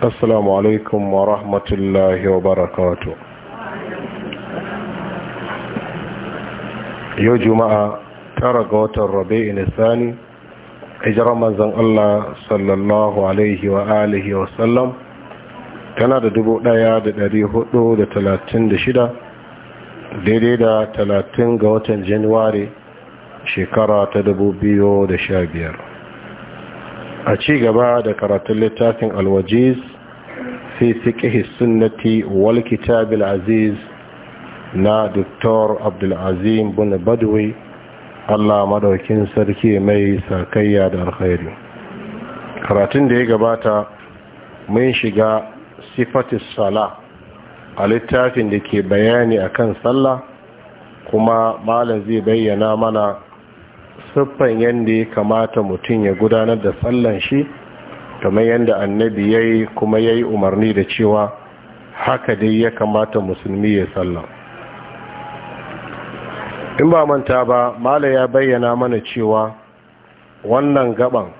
assalamu alaikum wa rahmatullahi wa barakatu yau juma'a tara ga watan rabe inisani hijirar manzan Allah sallallahu alaihi wa alihi wa sallam tana da dubu ɗaya da dari hudu da talatin da shida daidai da talatin ga watan januwari shekara ta dubu biyu da sha biyar a ci gaba da karatun littafin alwajiz في فقه sunnati wal kitabil نا na عبد العظيم bin badwi. Allah madaukin sarki mai sakayya da alkhairi karatun da ya gabata mun shiga sifatis sala a littafin da ke bayani akan sallah kuma malam zai bayyana mana siffan yadda ya kamata mutum ya gudanar da sallan shi kamar yadda annabi ya yi kuma ya yi umarni da cewa haka dai ya kamata musulmi ya sallah in ba manta ba mala ya bayyana mana cewa wannan gaban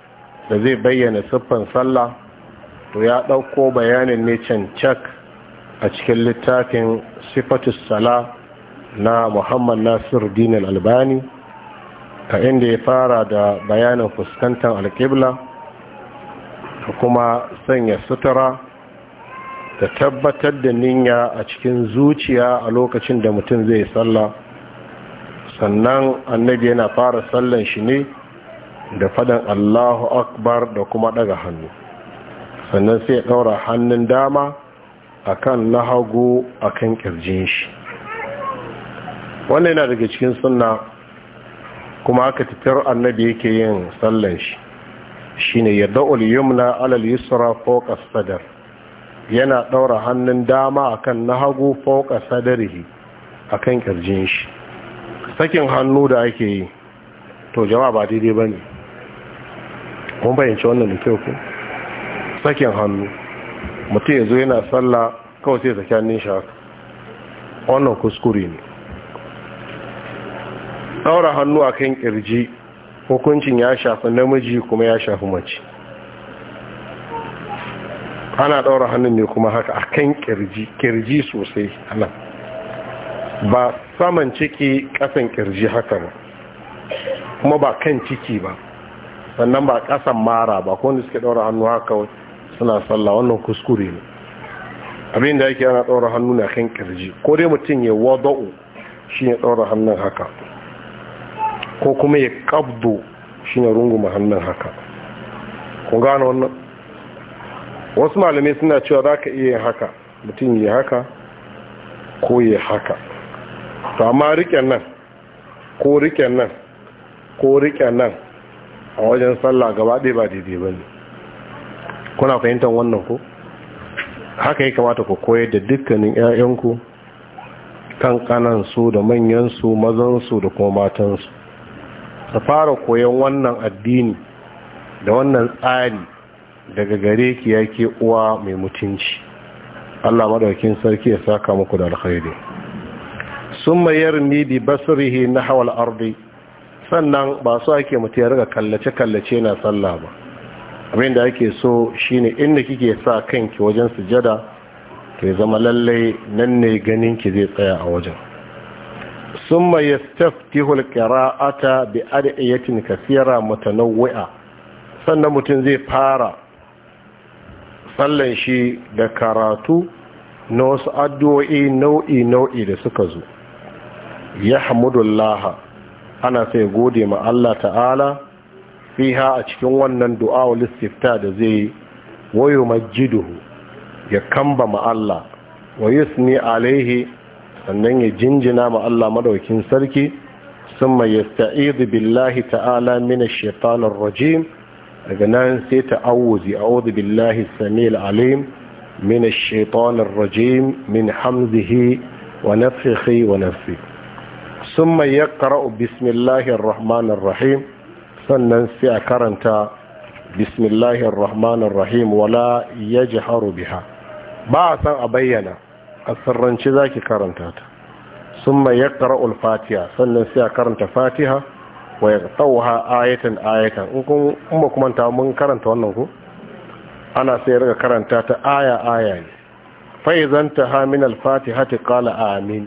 da zai bayyana siffan sallah to ya ɗauko bayanin ne cancak a cikin littafin siffatus sala na muhammad nasir dinin albani a inda ya fara da bayanin fuskantar alƙibla kuma sanya sutura ta tabbatar da ninya a cikin zuciya a lokacin da mutum zai sallah sannan annabi yana fara sallan shi ne da fadan allahu akbar da kuma daga hannu sannan sai ya daura hannun dama a akan lahago akan kirjin shi wannan yana daga cikin sunna kuma aka titar annabi yake yin sallan shi shine ya da'ul yumna alal yusra fawqa sadar yana ɗaura hannun dama akan na hagu fawqa sadarihi akan kirjin shi sakin hannu da ake yi to jama'a ba daidai bane kun bayyance wannan da kyau sakin hannu mutum ya zo yana sallah kawai sai saki hannun shi haka wannan kuskure ne ɗaura hannu akan kirji hukuncin ya shafi namiji kuma ya shafi mace ana ɗaura hannun ne kuma haka a kan kirji kirji sosai ana ba saman ciki ƙasan kirji haka ba kuma ba kan ciki ba sannan ba ƙasan mara ba ko wanda suke ɗaura hannu haka suna sallah wannan kuskure ne abin da yake ana ɗaura hannu na kan kirji ko dai mutum ya wada'u shi ya ɗaura hannun haka ko kuma ya kabdo shi ne runguma hannun haka ku gano wannan wasu malamai suna cewa za ka iya yin haka mutum ya haka ko ya haka to amma riƙen nan ko riƙen nan ko riƙen nan a wajen sallah gaba ɗaya ba daidai ba ne kuna fahimtar wannan ko haka ya kamata ku koyar da dukkanin 'ya'yanku kan su da manyansu, mazansu da kuma matansu ta fara koyon wannan addini da wannan tsari daga gare ki yake uwa mai mutunci Allah maɗaukin sarki ya saka muku da alkhairi sun mayar ni bi basirihi na hawal ardi sannan ba su ake mutu ya riga kallace-kallace na sallah ba abin da ake so shine inda kike sa kanki wajen sujada to ya zama lallai nan ne ganin ki zai tsaya a wajen ثم يستفتح القراءة بأدعية كثيرة متنوعة sannan mutum zai fara sallan shi da karatu na wasu addu'o'i nau'i-nau'i da suka zo ya hamdulillah ana sai gode ma Allah ta'ala fiha a cikin wannan du'a listifta da zai wayo majiduhu ya kamba ma Allah wa yusni alaihi sannan ya jinjina ma Allah madaukin sarki ya yasta'idu billahi ta'ala mina shaitanar rajim daga nan sai ta'awuzi a'udhu billahi as alim min ash rajim min hamzihi wa nafihi wa nafthihi ya karau bismillahir rahmanir rahim sannan sai a karanta bismillahir rahmanir rahim wala yajharu biha ba a san a bayyana a sirrance za ki karanta ta sun mai fatiha sannan sai a karanta fatiha wa ya tsawuha ayatan ayatan in kuma kuma ta mun karanta wannan ku ana sai ya karanta ta aya aya ne faizan ta hamin alfatiha ta kala amin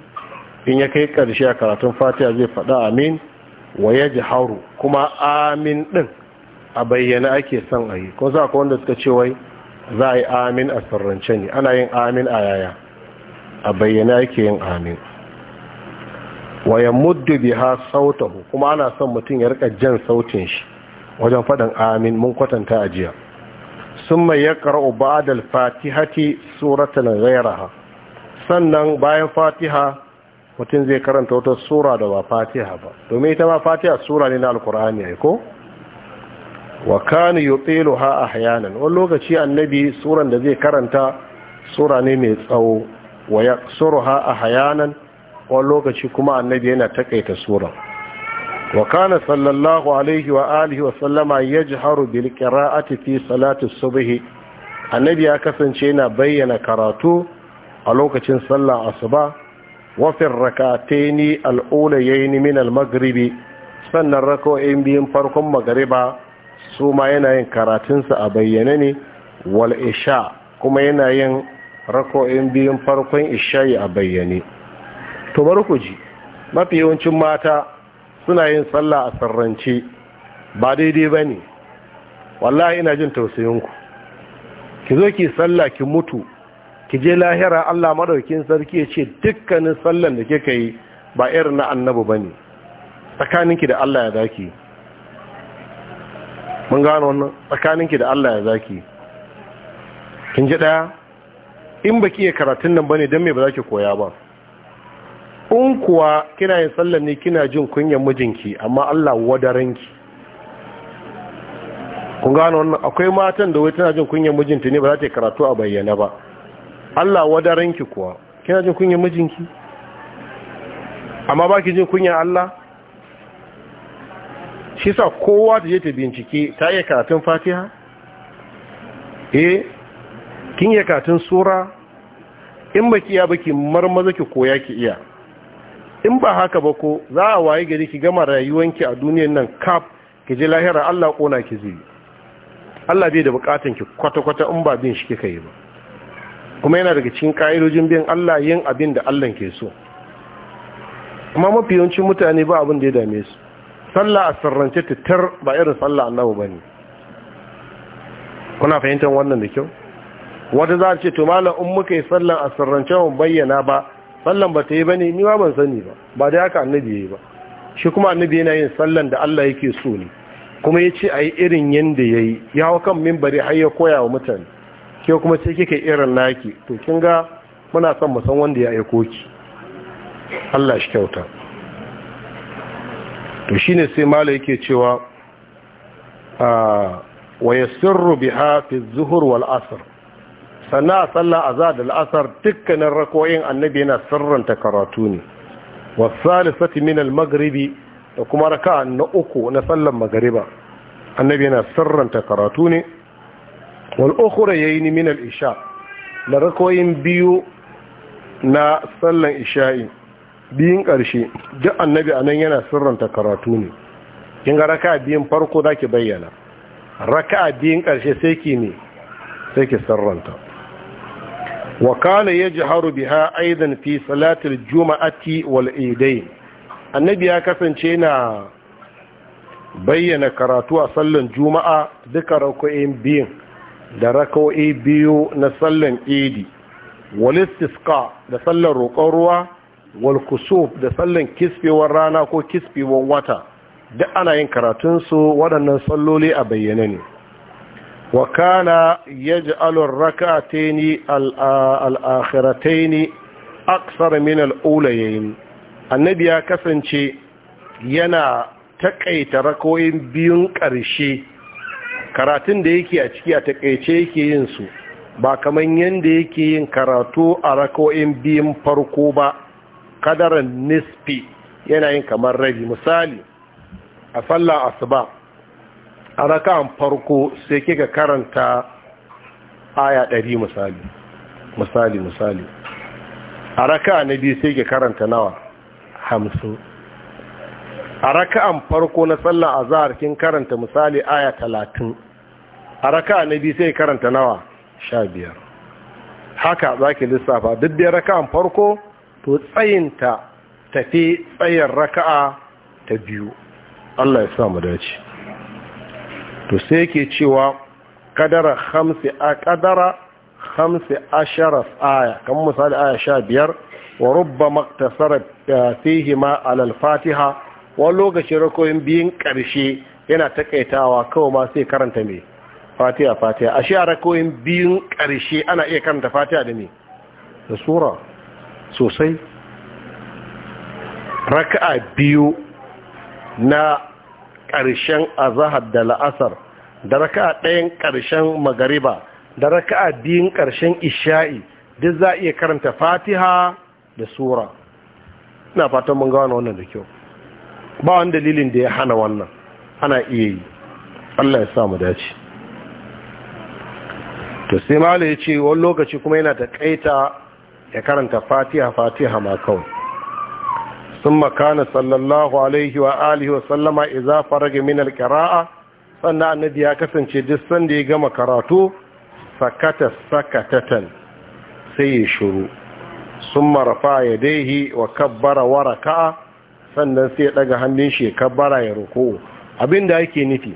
in ya kai ƙarshe a karatun fatiha zai faɗa amin wa ya hauru kuma amin ɗin a bayyana ake son a yi ko za ka wanda suka ce wai za a yi amin a sirrance ne ana yin amin a yaya a bayyana ake yin amin wa ya muddu biha sautahu kuma ana son mutum ya rika jan sautin shi wajen faɗin amin mun kwatanta a jiya sun mai ya karɓo ba'adal fatihati suratan ghairaha sannan bayan fatiha mutum zai karanta wata sura da ba fatiha ba domin ita ma fatiha sura ne na alkur'ani ai ko wa kana yutiluha ahyanan wani lokaci annabi suran da zai karanta sura ne mai tsawo wa haya nan wani lokaci kuma annabi yana takaita sura wa kana sallallahu alaihi wa alihi wa sallama haru bil a tafi salatun subuhi annabi ya kasance yana bayyana karatu a lokacin sallah asuba wafin fi rak'ataini al-ulayayn min al-maghribi sannan rak'o'in biyun farkon magariba su ma yana yin karatunsa a bayyane ne wal isha kuma yana yin rako'in biyun farkon ishayi a bayyane to bari ku ji mafi yawancin mata suna yin sallah a sarrance ba daidai ba ne wallahi ina jin tausayinku ki zo ki sallah ki mutu ki je lahira allah madaukin sarki ya ce dukkanin sallan da kika yi ba irin na annabu ba ne tsakaninki da allah ya zaki mun gano wannan tsakaninki da allah ya zaki kin ji ɗaya in ki iya karatun nan ba ne don me ba za ki koya ba in kuwa kina yin sallar ne kina jin kunyan mijinki amma Allah wadaranki kun gano wannan akwai matan da wai tana jin kunyan mijinta ne ba za ta yi karatu a bayyana ba Allah wadaranki kuwa kina jin kunyan mijinki amma ba ki jin kunyan Allah shi sa kowa ta je ta bincike ta iya karatun fatiha eh kin ya katin sura in baki iya baki marmaza ki koya ki iya in ba haka ba ko za a waye gari ki gama rayuwanki a duniyar nan kaf ki je lahira Allah kona ki zai Allah bai da bukatun ki kwata-kwata in ba bin shi kika yi ba kuma yana daga cikin ka'idojin bin Allah yin abin da Allah ke so amma mafi yawancin mutane ba abin da ya dame su sallah a sirrance tar ba irin sallah annabi bane kuna fahimtar wannan da kyau wata za a ce to malam in muka yi sallan a sirrance mu bayyana ba sallan ba ta yi ba ne ni ma ban sani ba ba da haka annabi yi ba shi kuma annabi yana yin sallan da Allah yake so ne kuma ya ce a yi irin yadda ya yi ya hau kan mimbari har ya koya wa mutane ke kuma ce kika irin naki to kin ga muna son musan wanda ya aiko ki Allah shi kyauta to shine sai mala yake cewa ah, wa yasirru biha fi zuhur wal asr sannan a sallah azhar da al'asar dukkanin rakoyin annabi yana sirranta karatu ne wasalisati min al magribi da kuma raka na uku na sallan magariba annabi yana sirranta karatu ne wal ya yi min al-isha da rakoyin biyu na sallan isha'i biyun ƙarshe duk annabi a nan yana sirranta karatu ne in ga raka biyun farko zaki bayyana raka biyun ƙarshe sai ki ne sai ki sirranta wa kana yajharu biha aidan fi salatil juma'ati wal annabi ya kasance na bayyana karatu a sallan juma'a duka raka'in biyun da raka'o'i biyu na sallan idi walistiska da sallan roƙon ruwa wal kusuf da sallan kisfewar rana ko kisfewar wata duk ana yin karatunsu waɗannan salloli a bayyane ne وكان يجعل الركعتين ar-rak'atayn من aksar min al annabi ya kasance yana takaita rakoyin biyun ƙarshe karatun da yake a ciki a takaice yake yin su ba kamar yadda yake yin karatu a rakoyin biyun farko ba kadaran nisfi yana yin kamar rabi misali a sallah asuba a raka'an farko sai kika karanta aya ɗari misali misali misali a raka na biyu sai ke karanta nawa hamsin a raka'an farko na sallah azhar kin karanta misali aya talatin a raka'a na biyu sai karanta nawa sha biyar haka za ki lissafa duk da raka'an farko to tsayinta tafi tsayin raka'a ta biyu Allah ya sa mu dace to sai yake cewa kadara hamsi a kadara hamsi ashara aya kan misali aya sha biyar wa rubba maktasara eh, fihi ma alal fatiha wani lokacin rikoyin biyun ƙarshe yana takaitawa kawai ma sai karanta mai fatiha fatiha a shi a biyun ƙarshe ana iya karanta fatiha da mai da sura sosai raka'a biyu na ƙarshen azahar da la'asar da raka'a ɗayan ƙarshen magariba da raka'a biyun ƙarshen isha'i duk za a iya karanta fatiha da sura ina fatan mun gawana wannan da kyau ba wani dalilin da ya hana wannan ana iya yi allah ya sa mu dace to sai malu ya ce wani lokaci kuma yana ta kaita ya karanta fatiha fatiha ma kawai ثم كان صلى الله عليه وآله وسلم إذا فرغ من القراءة sannan annabi ya kasance duk sanda ya gama karatu sakata sakatatan sai ya shiru sun marafa ya wa kabbara wa raka'a sannan sai ya daga hannun shi ya kabbara ya ruku abinda yake nufi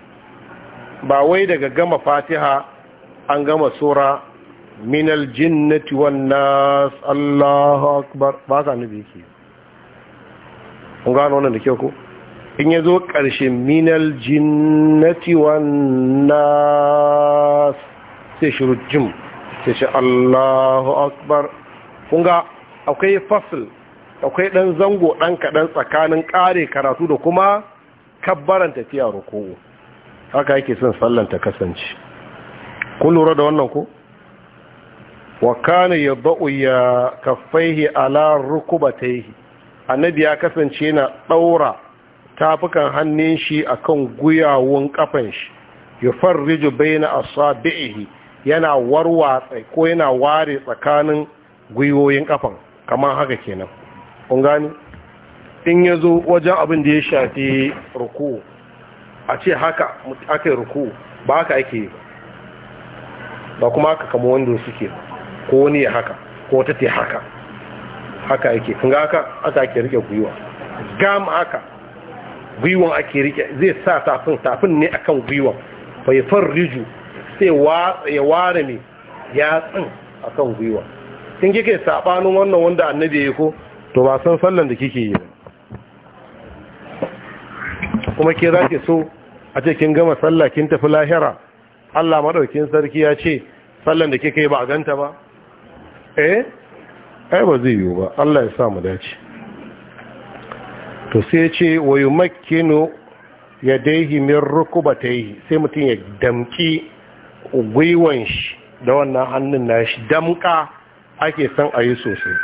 ba wai daga gama fatiha an gama sura minar jinnati wan nas Allahu akbar ba ka nufi kun gano wannan da kyau ko in ya zo ƙarshen minal jinnati wannan sai shuru jim sai shi allahu akbar kun ga akwai fasil akwai ɗan zango ɗan kaɗan tsakanin ƙare karatu da kuma kabbaran tafiya ruku'u haka yake son sallan ta kasance kun lura da wannan ko wa kana ya kaffaihi ala rukubataihi annabi ya kasance na ɗaura tafukan hannun shi akan guyawun kafan shi na baina asabihi yana warwatsa ko yana ware tsakanin gwiwoyin kafan kamar haka kenan kun gani in ya zo wajen abin da ya shafi ruku a ce haka aka yi ruku ba haka ake yi ba kuma haka kama wanda suke ko ne haka ko ta te haka haka yake kun haka aka ake rike gwiwa gama haka gwiwa ake rike zai sa tafin tafin ne akan gwiwa bai farriju sai ya ware ne akan gwiwa in kike sabanin wannan wanda annabi ya ko to ba san sallan da kike yi kuma ke za ki so a ce kin gama sallah kin tafi lahira Allah maɗaukin sarki ya ce sallan da kike yi ba a ganta ba eh ai ba zai yiwu ba Allah ya sa mu dace to sai ya ce wa yumakkinu yadayhi min rukbatayhi sai mutum ya damki gwiwan shi da wannan hannun nashi damka ake san ayi sosai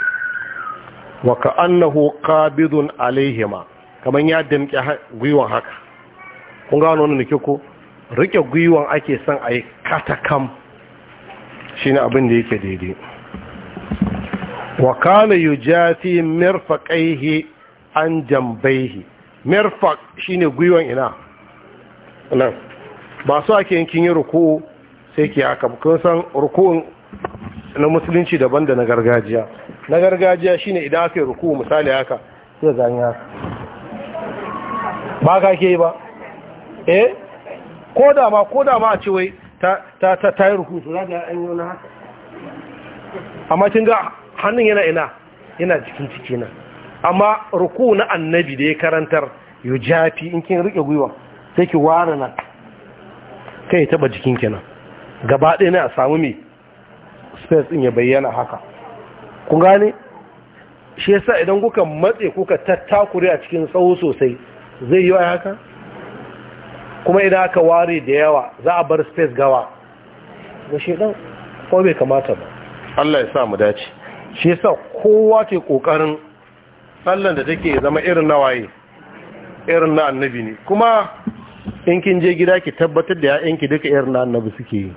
wa ka'annahu qabidun alaihima kaman ya damki gwiwan haka kun ga wannan ke ko rike gwiwan ake san ayi katakam shine abin da yake daidai wa kana yujati mirfaqaihi an jambaihi shi ne gwiwan ina nan ba su ake yankin yin ruku sai ke haka kun san ruku'un na musulunci daban da na gargajiya na gargajiya shi ne idan aka yi ruku misali haka sai zanya ba ka ke ba eh ko da ma ko da ma a ce wai ta yi ruku su za ta yi yi wani haka amma kin ga hannun yana ina yana cikin ciki nan amma ruku na annabi da ya karantar yau jafi in kin rike gwiwa sai ki ware nan kai taba jikin kenan gaba ɗaya ne a samu mai space ɗin ya bayyana haka Ku gane shi yasa idan kuka matse kuka tattakure a cikin tsawo sosai zai yi haka kuma idan aka ware da yawa za a bar space gawa ga shedan ko bai kamata ba Allah ya sa mu dace shi yasa kowa ke kokarin sallan da take zama irin na waye irin na annabi ne kuma in kin je gida ki tabbatar da ya'yanki duka irin na annabi suke yi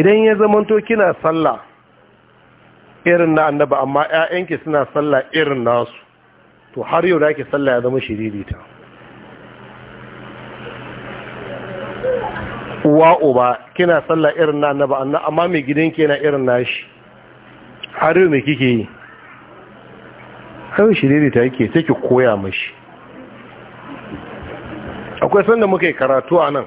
idan ya zamanto kina sallah irin na annabi amma ya'yanki suna sallah irin nasu to har yau da ke sallah ya zama shiririta uwa uba kina sallah irin na annabi amma mai gidanki yana irin nashi Ado mai kike yi kawai shi ta yake take koya mashi akwai sanda muka yi karatu a nan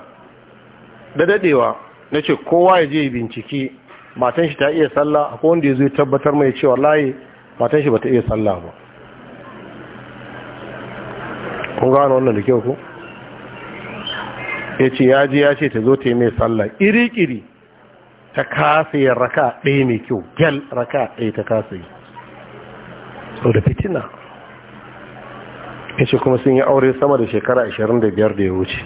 da dadewa na ce kowa ya je binciki matan shi ta iya sallah akwai wanda ya zo tabbatar mai cewa layi matan shi ba ta iya sallah ba kun gano wannan da kyau ku ya ce ya je ya ce ta zo ta yi mai sallah iri-iri ta kasa yin raka ɗaya mai kyau gyal raka ɗaya ta kasa yi sau da fitina yace kuma sun yi aure sama da shekara 25 da ya wuce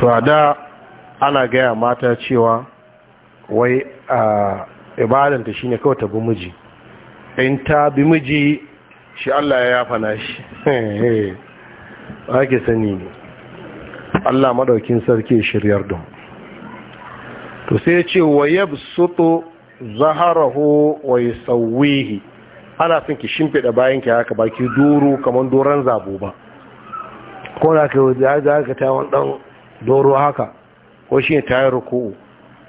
to a da ana gaya mata cewa wai a ibadanta shi ne kawai ta bi miji in ta bi miji shi Allah ya yafa na shi ba sani ne Allah madaukin sarki shiryar don to sai ce wa yabsutu zaharahu wa yasawwihi. ana son ki shimfida bayan ki haka baki doro kaman doran zabo ba ko da ka da aka ta wani dan doro haka ko shi ta yi ruku'u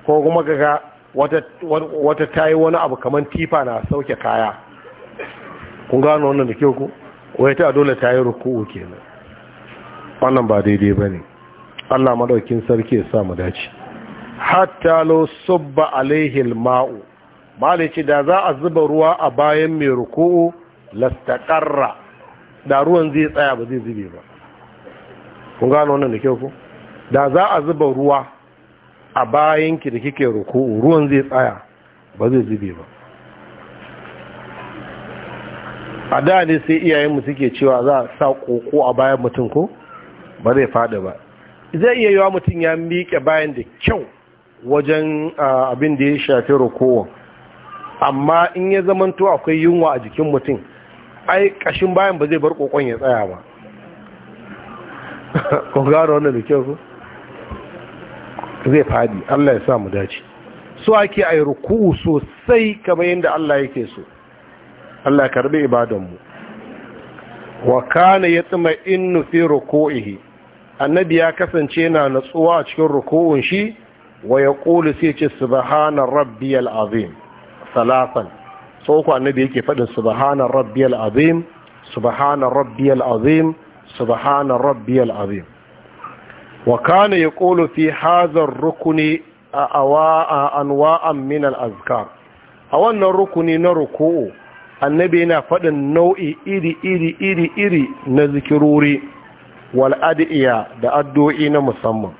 ko kuma kaga wata wata tayi wani abu kaman tifa na sauke kaya kun gano wannan da kyau ku wai ta dole yi ruku'u kenan wannan ba daidai bane Allah madaukin sarki ya sa mu dace hatta lo subba alaihi ma'u, malici da za a zuba ruwa a bayan mai ruku'u lastaqarra da ruwan zai tsaya ba zai zube ba kun gano wannan da kyau ko da za a zuba ruwa a bayan ki da kike ruku'u ruwan zai tsaya ba zai zube ba a da ne sai iyayenmu suke cewa za a sa koko a bayan mutum ko ba zai fada ba zai iya yiwa mutum ya miƙe bayan da kyau wajen abin da ya shafi rukowa amma in ya zamanto akwai yunwa a jikin mutum ai ƙashin bayan ba zai bar kokon ya tsaya ba kun gano wannan da kyau zai fadi Allah ya sa mu dace su ake yi ruku'u sosai kamar yadda Allah yake so Allah ya karbi ibadanmu. mu wa kana yatma innu fi ruku'ihi annabi ya kasance yana natsuwa a cikin ruku'un shi wa ya ƙulu sai ce subhana rabbiyal azim salafan. so annabi yake faɗin subhana rabbiyal azim subhana rabbiyal azim subhana rabbiyal azim wa kana yaqulu fi hadha ar-rukni awa'a anwa'an min al a wannan rukuni na ruku'u annabi yana faɗin nau'i iri iri iri iri na zikirori wal da addu'o'i na musamman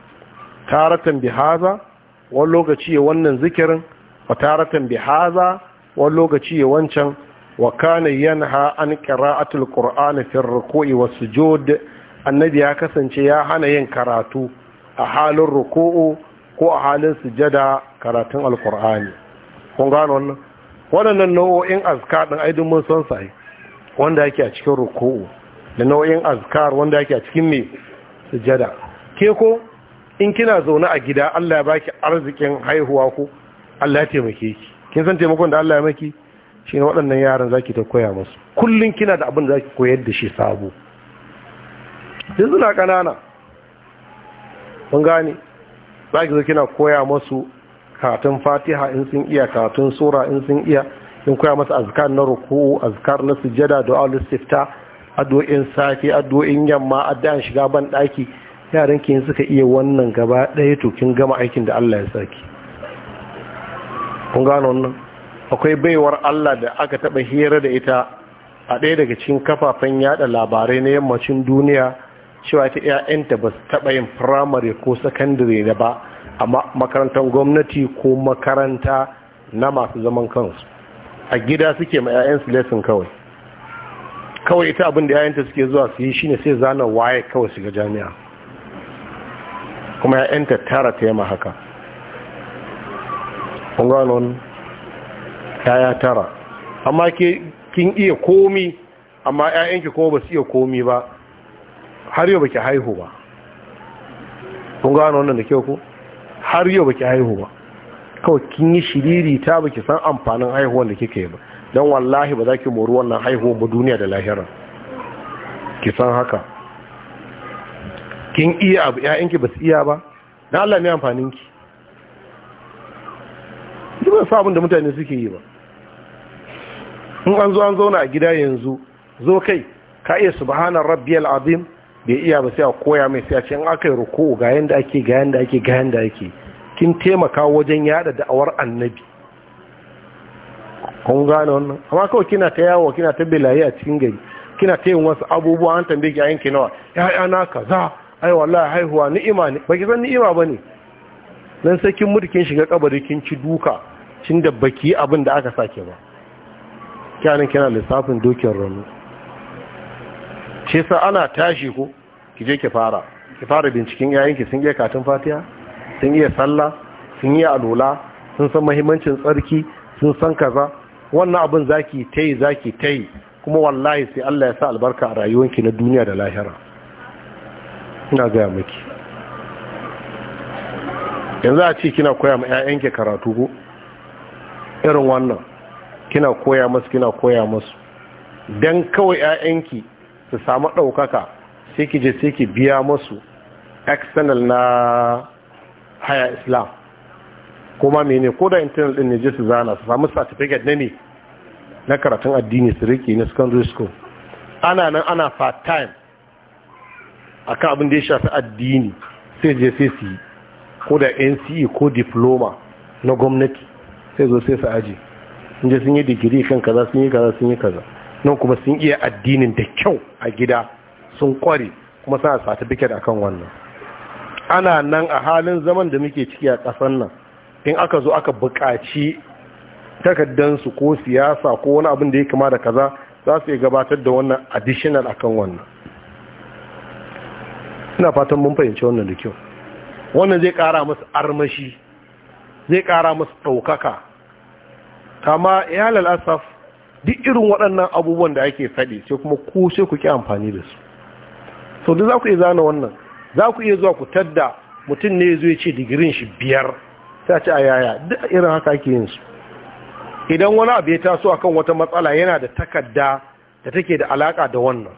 taratan bihaza wani lokaci ya wannan zikirin wa taratan bihaza wani lokaci ya wancan wa kana yanha an qira'atul qur'ani fi ruku'i was sujud annabi ya kasance ya hana yin karatu a halin ruku'u ko a halin sujada karatun alqur'ani kun gano wannan waɗannan nau'o'in azka din aidin mun san sai wanda yake a cikin ruku'u da nau'in azkar wanda yake a cikin mai sujada ke ko in kina zaune a gida Allah ya baki arzikin haihuwa ku, Allah ya taimake ki kin san taimakon da Allah ya maki shi ne waɗannan yaran zaki ta koya musu Kullum kina da abin da zaki koyar da shi sabo din suna kanana kun gane zaki zo kina koya masu katun Fatiha in sun iya katun sura in sun iya in koya masu azkar na ruku'u azkar na sujada du'a istifta addu'o'in safi addu'o'in yamma addu'an shiga ban daki yaran ki suka iya wannan gaba ɗaya to kin gama aikin da Allah ya saki kun gano wannan akwai baiwar Allah da aka taba hira da ita a ɗaya daga cikin kafafen yada labarai na yammacin duniya cewa ta 'ya'yanta ba su taɓa yin firamare ko sakandare da ba a makarantar gwamnati ko makaranta na masu zaman kansu a gida suke ma 'ya'yansu lesson kawai kawai ita abin da yayanta suke zuwa su yi shine sai zana waye kawai su ga jami'a kuma yayanta tara ta yamma haka kun gano yaya tara amma ke kin iya komi amma yayanki kuma ba su iya komi ba har yau baki haihu ba kun da kyau ku har yau baki haihu ba kawai kin yi shiriri ta baki san amfanin haihuwan da kika yi ba don wallahi ba za ki mori wannan haihuwa ba duniya da lahira ki san haka kin iya abu 'ya'yanki ba su iya ba na Allah ne amfanin ki ki ba sabon da mutane suke yi ba in an zo an zauna a gida yanzu zo kai ka iya subhanar rabbiyal azim bai iya ba sai a koya mai sai a ce in aka yi ruku ga yanda ake ga yanda ake ga yanda ake kin taimaka wajen yada da'awar annabi kun gane wannan amma kawai kina ta yawo kina ta belaye a cikin gari kina ta yin wasu abubuwa an tambaye ki ayyanki nawa ya'ya na kaza ai wallahi haihuwa ni'ima ne baki san ni'ima bane dan sai kin mutu kin shiga kabari kin ci duka cin da baki abin da aka sake ba kyanin kina lissafin dokin rano ce sa ana tashi ko ki je ki fara ki fara binciken ki sun iya katin fatiya, sun iya sallah sun iya alola sun san muhimmancin tsarki sun san kaza wannan abin zaki ta yi zaki ta yi kuma wallahi sai Allah ya sa albarka a rayuwanki na duniya da lahira ina gaya miki yanzu a ce kina koya ma 'ya'yanki karatu ko irin wannan kina koya masu kina koya masu don kawai 'ya'yanki su samu ɗaukaka sai ki je sai ki biya masu external na haya islam kuma mene ko da internal din ne je su zana su samu certificate na ne na karatun addini su rike na secondary school ana nan ana part time akan abin da ya shafi addini sai je sai su yi ko da NCE ko diploma na gwamnati sai zo sai su aji sun je sun yi digiri kan kaza sun yi kaza sun yi kaza nan kuma sun iya addinin da kyau a gida sun kware kuma suna certificate akan wannan ana nan a halin zaman da muke ciki a ƙasar nan in aka zo aka bukaci takardansu ko siyasa ko wani abin da ya kama da kaza za su iya gabatar da wannan additional akan wannan ina fatan mun fahimci wannan da kyau wannan zai kara musu armashi zai kara musu ɗaukaka kama ya lalasaf duk irin waɗannan abubuwan da ake faɗi sai kuma ku sai ku ƙi amfani da su so duk za ku iya zana wannan za ku iya zuwa ku tadda mutum ne zai ce digirin shi biyar ta ci a yaya duk irin haka ke yin su idan wani abu ya taso akan wata matsala yana da takarda da take da alaka da wannan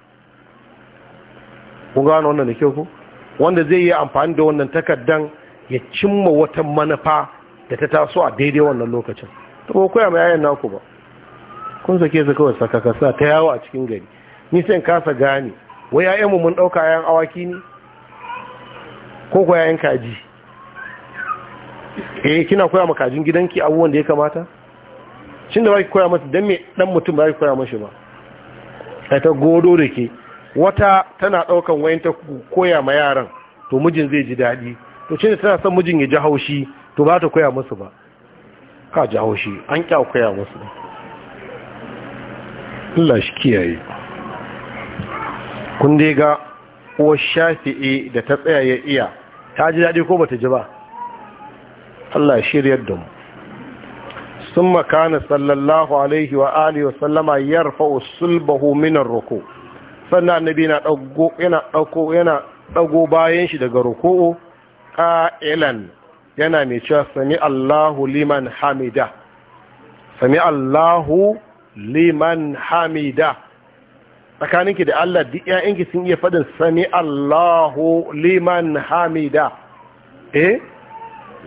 kun gano wannan da ke ku wanda zai yi amfani da wannan takardan ya cimma wata manufa da ta taso a daidai wannan lokacin ta ba mai yayan naku ba kun sake su kawai sakakasa ta yawo a cikin gari ni sai kasa gane wai mu mun ɗauka yayan awaki ne ko ko yayan kaji eh kina koya ma kajin gidanki abubuwan da ya kamata shin da baki koya masa dan me dan mutum ba ki koya mashi ba sai ta godo da ke wata tana daukan wayan ta koya ma yaran to mijin zai ji dadi to shin tana son mijin ya ji haushi to ba ta koya masa ba ka ji haushi an kya koya masa Allah shi kiyaye kun dai ga uwar shafi'i da ta tsaya ya iya ta ji daɗi ko bata ji ba Allah ya shiryar da mu sun makana sallallahu alaihi wa alihi wa sallama yarfa usulbahu minar ruku sannan annabi yana dago yana dauko yana dago bayan shi daga ruku'u qa'ilan yana mai cewa sami Allahu liman hamida sami Allahu liman hamida tsakaninki da Allah duk ƴaƴanki sun iya faɗin sami Allahu liman hamida eh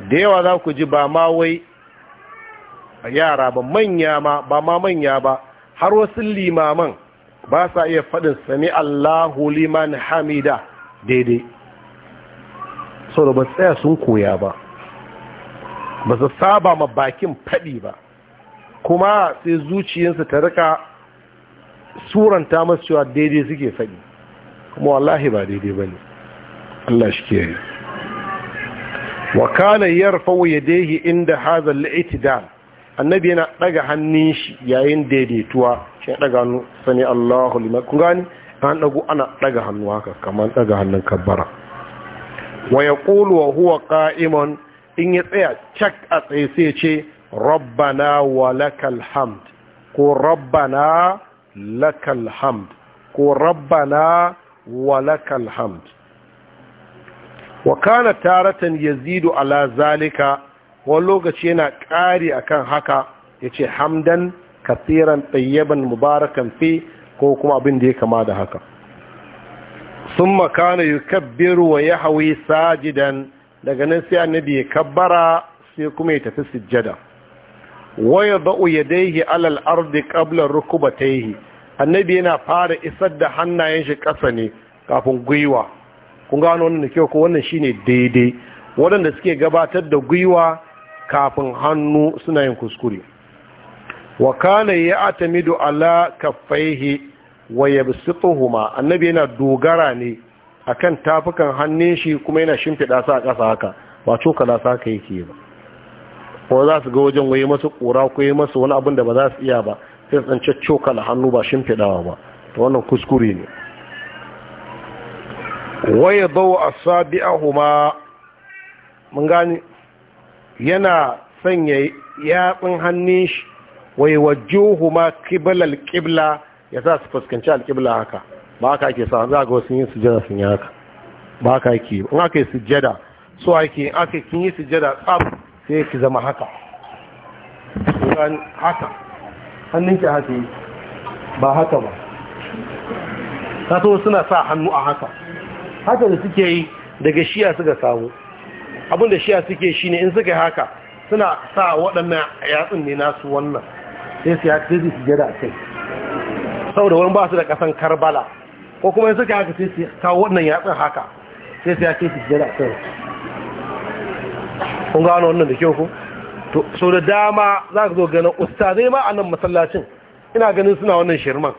da yawa za ku ji ba ma wai yara ba manya ma ba ma manya ba har wasu limaman ba sa iya faɗin sami Allahu liman hamida daidai sau da ba tsaya sun koya ba ba su saba ma bakin faɗi ba kuma sai zuciyarsu ta rika suranta masu cewa daidai suke faɗi kuma wallahi ba daidai ba ne Allah shi kiyaye wa kana yarfau yadayhi inda hadha al-i'tidal annabi yana daga hannun shi yayin daidaituwa shi daga hannu sani Allahu liman kun gani an dago ana daga hannu haka kamar daga hannun kabbara wa yaqulu wa huwa qa'iman in ya tsaya cak a tsaye sai ce rabbana wa lakal hamd ko rabbana lakal hamd ko rabbana wa lakal hamd wa kana taratan yazidu ala zalika wani lokaci yana ƙari akan haka yace hamdan kasiran tsayyaban mubarakan fi ko kuma abin da ya kama da haka sun makana yi wa ya hawi sajidan daga nan sai annabi ya kabbara sai kuma ya tafi sujjada waya ba'u ya daihi alal ardi qabla rukubataihi annabi yana fara isar da hannayen shi ƙasa ne kafin gwiwa kun gano wannan da kyau ko wannan shine daidai waɗanda suke gabatar da gwiwa kafin hannu suna yin kuskure wa kana ya atamidu ala kaffaihi wa yabsituhuma annabi yana dogara ne akan tafukan hannun shi kuma yana shimfida su a ƙasa haka ba cokala sa haka yake ba ko za su ga wajen waye masu ƙura ko yi masu wani abin da ba za su iya ba sai su tsanci cokala hannu ba shimfidawa ba to wannan kuskure ne waya zau a sabi'ahuma mun gani yana sanya yatsun hannun shi wai huma kibalar kibla ya sa su fuskanci alkibla haka ba ka ake sa za ga wasu yin sujada sun yi haka ba ka ake in aka yi sujada so ake aka kin yi sujada tsaf sai ki zama haka haka hannun ki haka ba haka ba ta so suna sa hannu a haka haka da suke yi daga shiya suka samu abinda shiya suke shi ne in suka haka suna sa waɗannan yatsun ne nasu wannan sai su ya ce su jada a kai saboda wani ba su da ƙasan karbala ko kuma in suka haka sai su kawo waɗannan yatsun haka sai su ya ce su jada a kai kun gano wannan da kyau ku sau da dama za ka zo ganin ustazai ma a nan masallacin ina ganin suna wannan shirman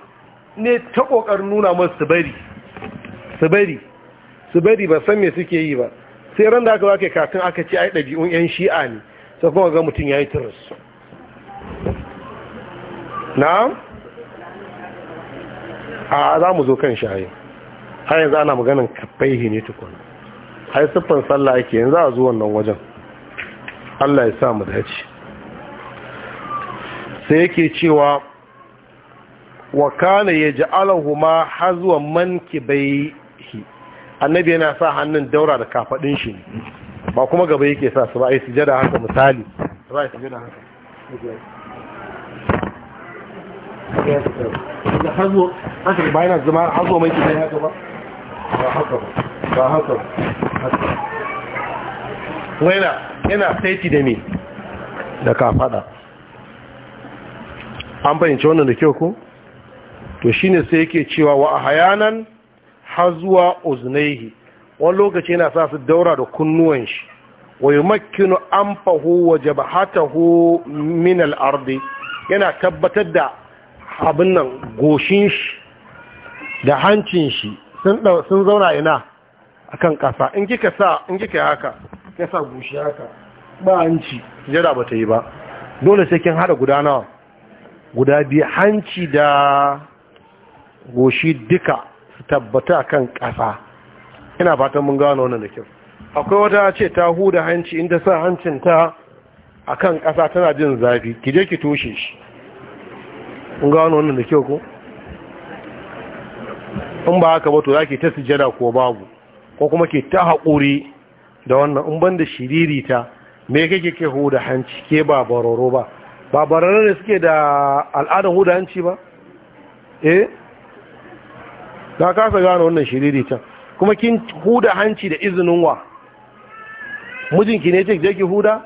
ne ta ƙoƙarin nuna masu su bari su bari su bari ba san me suke yi ba sai ran da aka wake kakan aka ce ai ɗabi'un 'yan shi'a ne sai kuma ga mutum ya yi turus na'am a za mu zo kan shayi har yanzu ana maganin kafaihi ne tukun har siffan sallah ake yanzu a zuwan nan wajen Allah ya sa mu dace sai yake cewa wa kana yaj'aluhuma man mankibai annabi yana sa hannun daura da kafadin shi ba kuma gaba yake sa su ba yi sujada haka misali ba yi sujada haka da hazo haka ba yana zama hazo mai kitai haka ba ba haka ba ba haka ba yana yana saiti da me da kafada an fahimci wannan da kyau ko to shine sai yake cewa wa ahyanan har zuwa uznaihi wani lokaci yana sa su daura da kunnuwan shi wa yumakkinu anfahu wa jabhatahu min al yana tabbatar da abin nan goshin shi da hancin shi sun zauna ina kan kasa in kika sa in kika haka ka goshi haka ba hanci jira ba ta yi ba dole sai kin hada guda nawa guda biyu hanci da goshi duka su tabbata kan ƙasa ina fatan mun gano wannan da kyau akwai wata ce ta huda hanci inda sa hancin ta akan ƙasa tana jin zafi ki je ki toshe shi mun gano wannan da kyau ko in ba haka ba to zaki ta sujada ko babu ko kuma ki ta haƙuri da wannan in banda shiririta me kake ke huda hanci ke ba baroro ba ba baroro ne suke da al'adar huda hanci ba eh na kasa gane wannan shiriri can kuma kin huda hanci da izinin wa mijinki ne ce ki huda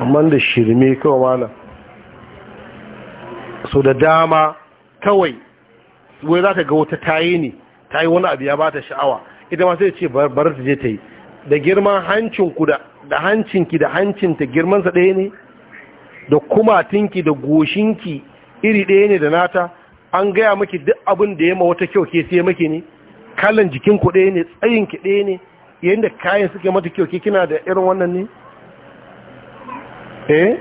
amma da shirme kawai malam so da dama kawai wai za ta ga wata tayi ne tayi wani abu ya ba ta sha'awa ita ma sai ce bar ta je ta yi da girman hancinku da hancinki da hancinta girmansa ɗaya ne da kumatinki da goshinki iri ɗaya ne da nata an gaya maki duk abin da ya ma wata kyau ke sai maki ne kalan jikin ku ɗaya ne tsayin ki ɗaya ne yayin da kayan suke mata kyau ke kina da irin wannan ne eh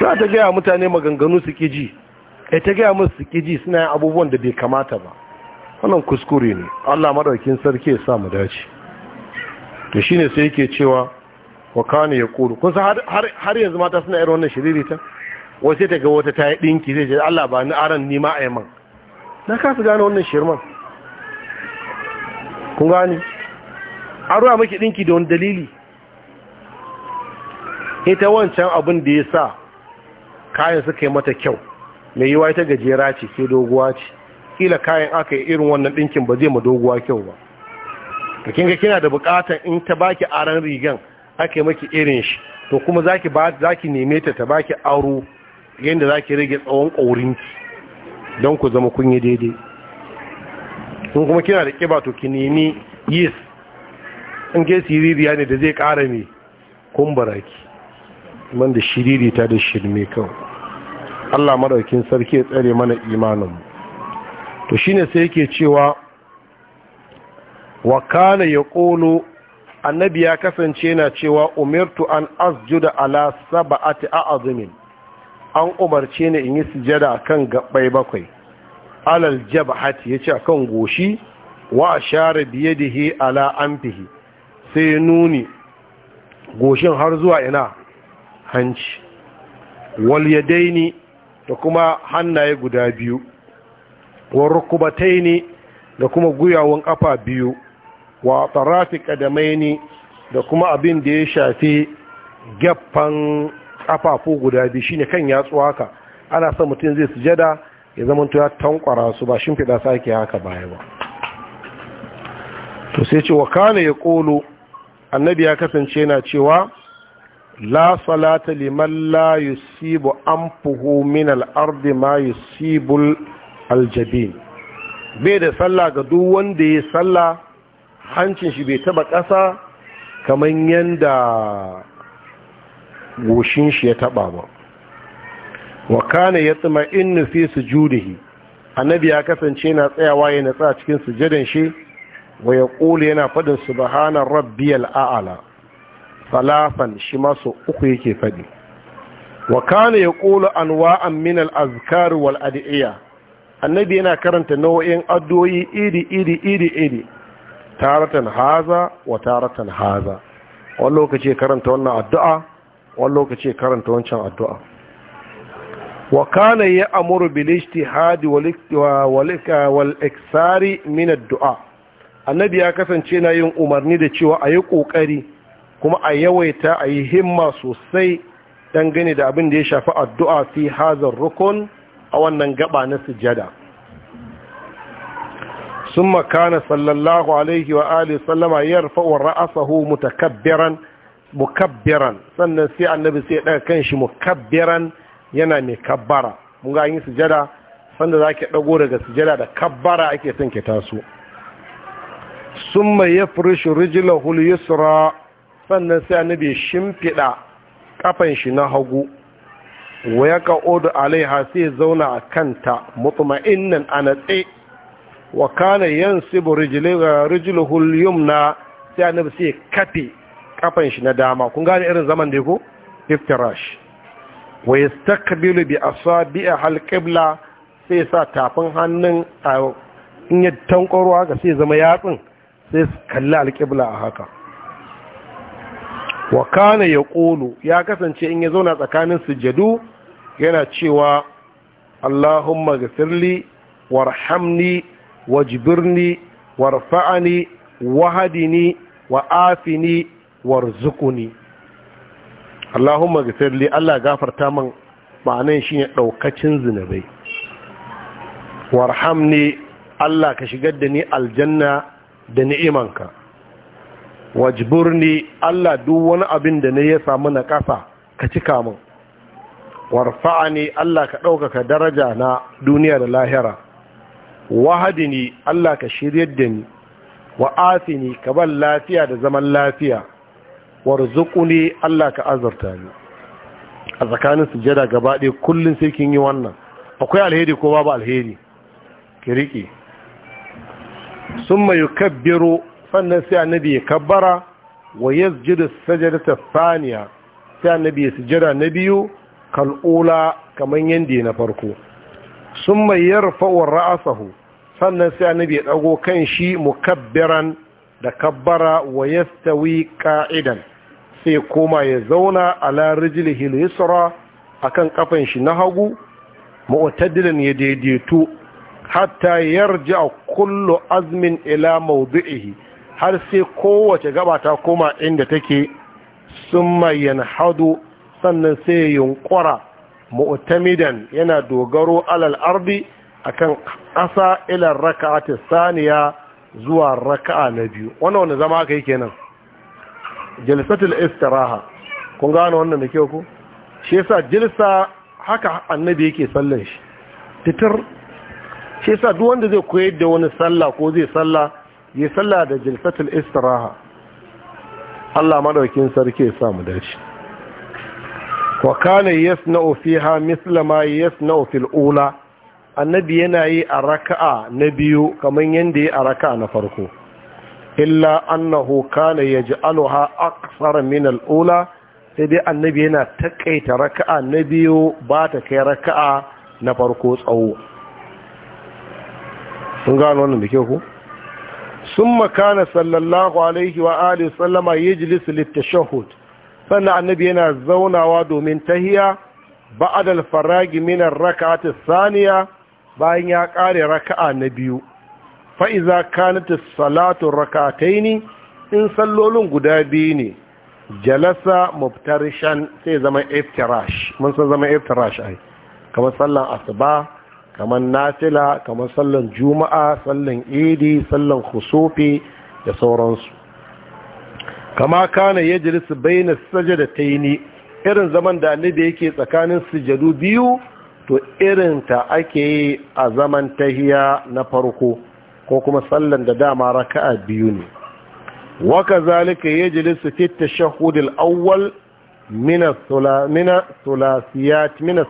za ta gaya mutane maganganu su suke ji kai ta gaya musu su suke ji suna yin abubuwan da bai kamata ba wannan kuskure ne Allah madaukin sarki ya sa mu dace to shine sai yake cewa wa kana yaqulu kun san har yanzu mata suna irin wannan shiriri ta sai ta ga wata ta yi ɗinki zai ce Allah ba ni aran ni ma a yaman na kasa gane wannan shirman kun gane an ruwa maki ɗinki da wani dalili ita wancan abin da ya sa kayan suka yi mata kyau mai yiwa ita gajera ce ke doguwa ce kila kayan aka yi irin wannan ɗinkin ba zai ma doguwa kyau ba ka kinga kina da buƙatar in ta baki aran rigan aka yi maki irin shi to kuma zaki ba zaki neme ta ta baki aro yadda za ki rage tsawon ƙaurinki don ku zama kun daidai sun kuma kina da ƙiba to ki nemi yis in ke siririya ne da zai ƙara mai kumbara ki man da ta da shirme kawai allah maraukin sarki ya tsare mana imanin to shine sai yake cewa wakana ya ƙolo annabi ya kasance yana cewa umirtu an asjuda ala saba'ati a azumin an umarce ni in yi sujada kan gabbai bakwai alal Jabhat ya ce kan goshi wa share bi yadihi ala anfihi sai nuni goshin har zuwa ina hanci wal yadaini da kuma hannaye guda biyu wal rukubataini da kuma guyawan kafa biyu wa tarafi kadamaini da kuma abin da ya shafi gaffan kafafu guda biyu shine kan yatsu haka ana son mutum zai sujada ya zama ya tankwara su ba fida sake haka baya ba to sai ce wa kana ya kolo annabi ya kasance yana cewa la salata liman la yusibu anfuhu min al ard ma yusibu al-jabin bai da sallah ga duk wanda ya sallah hancin shi bai taba ƙasa kamar yanda goshin shi ya taba ba wa kana tsima inu fi Judihi. annabi ya kasance na tsayawa ya natsa cikin sujadan shi wa ƙuli yana faɗin subhana rabbiyal a'la salafan shi masu uku yake faɗi wa kana an anwa'an min al azkar wal adi’iya annabi yana karanta nau'in addu'o'i iri iri iri iri taratan haza wa taratan haza wani lokaci karanta wannan addu'a wani lokaci ya karanta wancan addu'a wa kana ya amuru Bilishti hadi wal iksari min addu'a annabi ya kasance na yin umarni da cewa a yi ƙoƙari kuma a yawaita a yi himma sosai dangane da abin da ya shafi addu'a fi hazar rukun a wannan gaba na sujada sun makana sallallahu alaihi wa alihi sallama ya rufa'un ra'asahu mutakabbiran mukabbiran sannan sai annabi sai kan shi mukabbiran yana mai kabbara mun ga yin sujada sanda zaki dago daga sujada da kabbara ake son ki taso summa yafrish rijlahu al-yusra sannan sai annabi shimfida kafan shi na hagu wa yaqa'udu alaiha sai zauna a kanta mutma'innan anatsi wa kana yansibu rijlahu al-yumna sai annabi sai kafe kafan shi na dama kun gane irin zaman da ko iftirash wa yastaqbilu bi asabi'i al-qibla sai sa tafin hannun in ya tankwaro haka sai zama yatsin sai kalli alqibla a haka wa kana yaqulu ya kasance in ya zauna tsakanin sujudu yana cewa Allahumma ghfirli warhamni wajbirni warfa'ani wahadini wa'afini warzuquni Allahumma ghfir li Allah gafarta min ma'anan shine daukacin zinubai warhamni Allah ka shigar da ni aljanna da ni'imanka wajburni Allah duk wani abin da ne ya samu na ƙasa ka cika min warfa'ani Allah ka ɗaukaka daraja na duniya da lahira wahdini Allah ka shiryar da ni wa'afini ka ban lafiya da zaman lafiya warzuquni Allah ka azurta ni a tsakanin sujada gaba ɗaya kullum sai kin yi wannan akwai alheri ko babu alheri ki riƙe summa yukabbiru sannan sai annabi ya kabbara wa yasjudu sajdata thaniya sai annabi ya sujada na biyu kal'ula kaman yanda na farko summa yarfa'u ra'sahu sannan sai annabi ya dago kan shi mukabbiran da kabbara wa yastawi qa'idan sai koma ya zauna a rijlihi al a kan kafin shi na hagu mu'tadilan ya daidaito hatta yar a kullu azmin ila maudu'ihi har sai kowace gaba ta koma inda take mayan hadu, sannan sai yunkura mu'tamidan yana dogaro alal a kan ƙasa ila ta saniya zuwa raka'a na biyu Wani wani, zama aka yi kenan jalsatul istiraha kun gano wannan da kyau ku shi yasa jilsa haka annabi yake sallan shi titir shi yasa duk wanda zai koyar da wani sallah ko zai sallah ya sallah da jilsatul istiraha Allah madaukin sarki ya sa mu dace wa kana yasna'u fiha misla ma yasna'u fil ula annabi yana yi a raka'a na biyu kamar yanda yi a raka'a na farko illa annahu kana yaj'aluha aksar min minal ula sai dai annabi yana takaita raka'a na biyu ba ta kai raka'a na farko tsawo sun gano wannan da ke ku Sun makana sallallahu alaihi wa Ali sallama yajlisu litashahhud sannan annabi yana zaunawa domin tahiya ba'adal faragi minar ar-rak'ati saniya bayan ya kare raka'a na biyu fa'iza kanata salatu rakatai ne in sallolin guda biyu ne jalasa muftarishan sai zama iftirash mun san zama iftirash ai kamar sallan asuba kamar nafila kamar sallan juma'a sallan idi sallan khusufi da sauransu kama kana yajlisu baina sajadataini irin zaman da annabi yake tsakanin sujadu biyu to irin ta ake yi a zaman tahiya na farko ko kuma sallan da dama raka'a biyu ne wa kazalika yajlisu fi at-tashahhud al-awwal min ath-thulathiyat min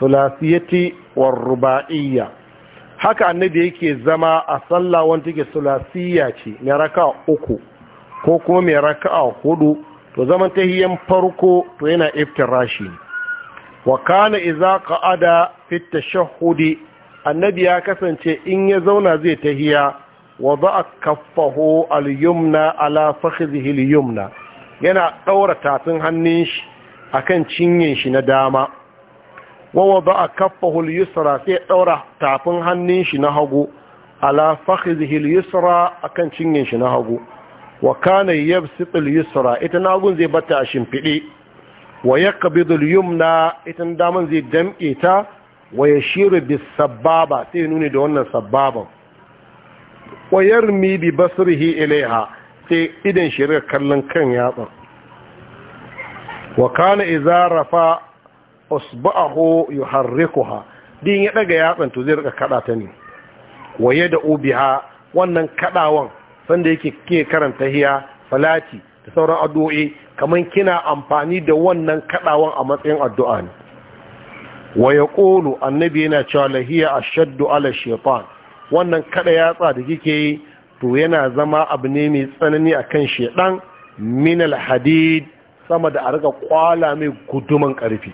thulathiyati eh, war-ruba'iyya haka annabi yake zama a salla wanda take sulasiyya ce mai raka'a uku ko kuma mai raka'a hudu to zaman hiyan farko to yana iftirashi wa kana idza qa'ada fi tashahhudi annabi ya kasance in ya zauna zai tahiya wa a kaffahu al-yumna ala fakhidhihi al yana ɗaura tafin hannun shi kan cinyen shi na dama wa a kaffahu al-yusra sai ɗaura tafin hannun shi na hagu ala fakhidhihi al-yusra kan cinyen shi na hagu wa kana yabsit al-yusra ita nagun zai bata a shimfiɗe wa ya al-yumna ita daman zai damƙe ta wa shiru bis sababa sai nuni da wannan sababan wa yarmi bi basrihi ilaiha sai idan shi kallon kan yatsa wa kana idza rafa usba'ahu yuharrikuha din ya daga yatsan to zai rika kada ta ne wa da biha wannan kadawan sanda yake ke karanta hiya salati da sauran addu'o'i kaman kina amfani da wannan kadawan a matsayin addu'a ne wa ya ƙolu annabi yana cewa lahiya a shaddu ala shaitan wannan kada yatsa da kike yi to yana zama abu ne mai tsanani a kan shaitan minal Hadid sama da a rika kwala mai guduman ƙarfi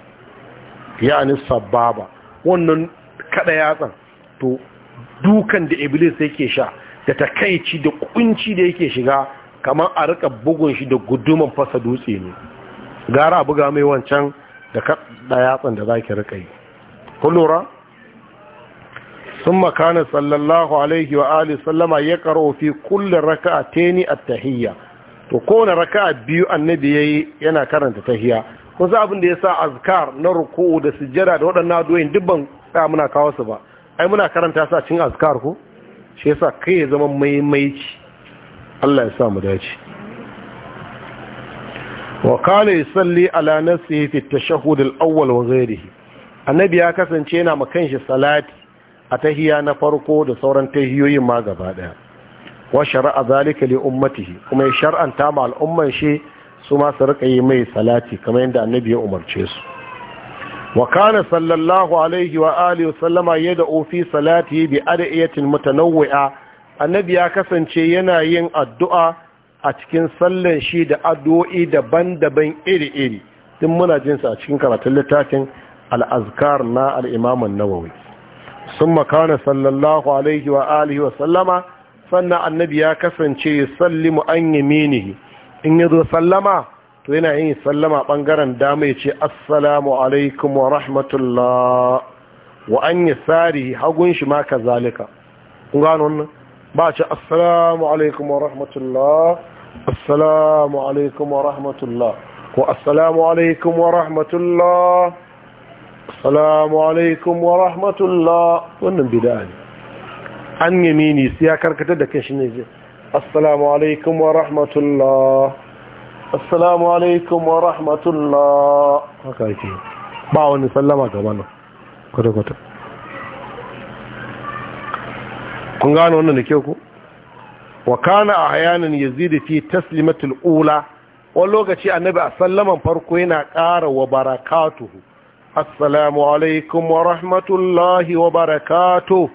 ya'ani sababa wannan kada yatsan to dukan da iblis yake sha da takaici da kunci da yake shiga kamar a rika bugun shi da guduman fasa dutse ne gara a buga mai wancan da kaɗa yatsan da zaki ki riƙa yi kullura lura sun makana sallallahu alaihi wa alihi sallama ya karo fi kullum raka'a teni a tahiyya to kowane raka'a biyu annabi ya yana karanta tahiyya kun abin da ya sa azkar na ruku'u da sujjada da waɗannan doyin dubban ɗaya muna kawo su ba ai muna karanta sa cin azkar ko shi yasa kai ya zama maimaici Allah ya sa mu dace wa kana yusalli ala nafsihi fi at-tashahhud al annabi ya kasance yana ma shi salati a tahiya na farko da sauran tahiyoyin ma gaba daya wa shar'a zalika li ummatihi kuma ya shar'anta ma al'umman shi su ma su rika yi mai salati kamar yadda annabi ya umarce su wa kana sallallahu alaihi wa alihi wa sallama yad'u fi salatihi bi adiyatin mutanawwi'a annabi ya kasance yana yin addu'a a cikin sallan shi da addu'o'i daban-daban iri-iri din muna jin a cikin karatun littafin alazkar na Al'imaman nawawi sun makana sallallahu alaihi wa alihi wa sallama sannan annabi ya kasance sallimu an yaminihi in zo sallama to yana yin sallama bangaren dama ya ce assalamu alaikum wa rahmatullah wa an tsari hagun shi ma kazalika kun gano ba ce assalamu alaikum wa rahmatullah assalamu alaikum wa rahmatullah ko assalamu alaikum wa rahmatullah assalamu alaikum wa rahmatullah wannan bid'a ne an yamini sai ya karkatar da kan shi ne assalamu alaikum wa rahmatullah assalamu alaikum wa rahmatullah haka yake ba wani sallama gaba nan kwata-kwata kun gano wannan da kyau ku wa kana a hayanin yazid fi taslimatul ula wani lokaci annabi a sallaman farko yana ƙara wa barakatuhu assalamu alaikum wa rahmatullahi wa barakatu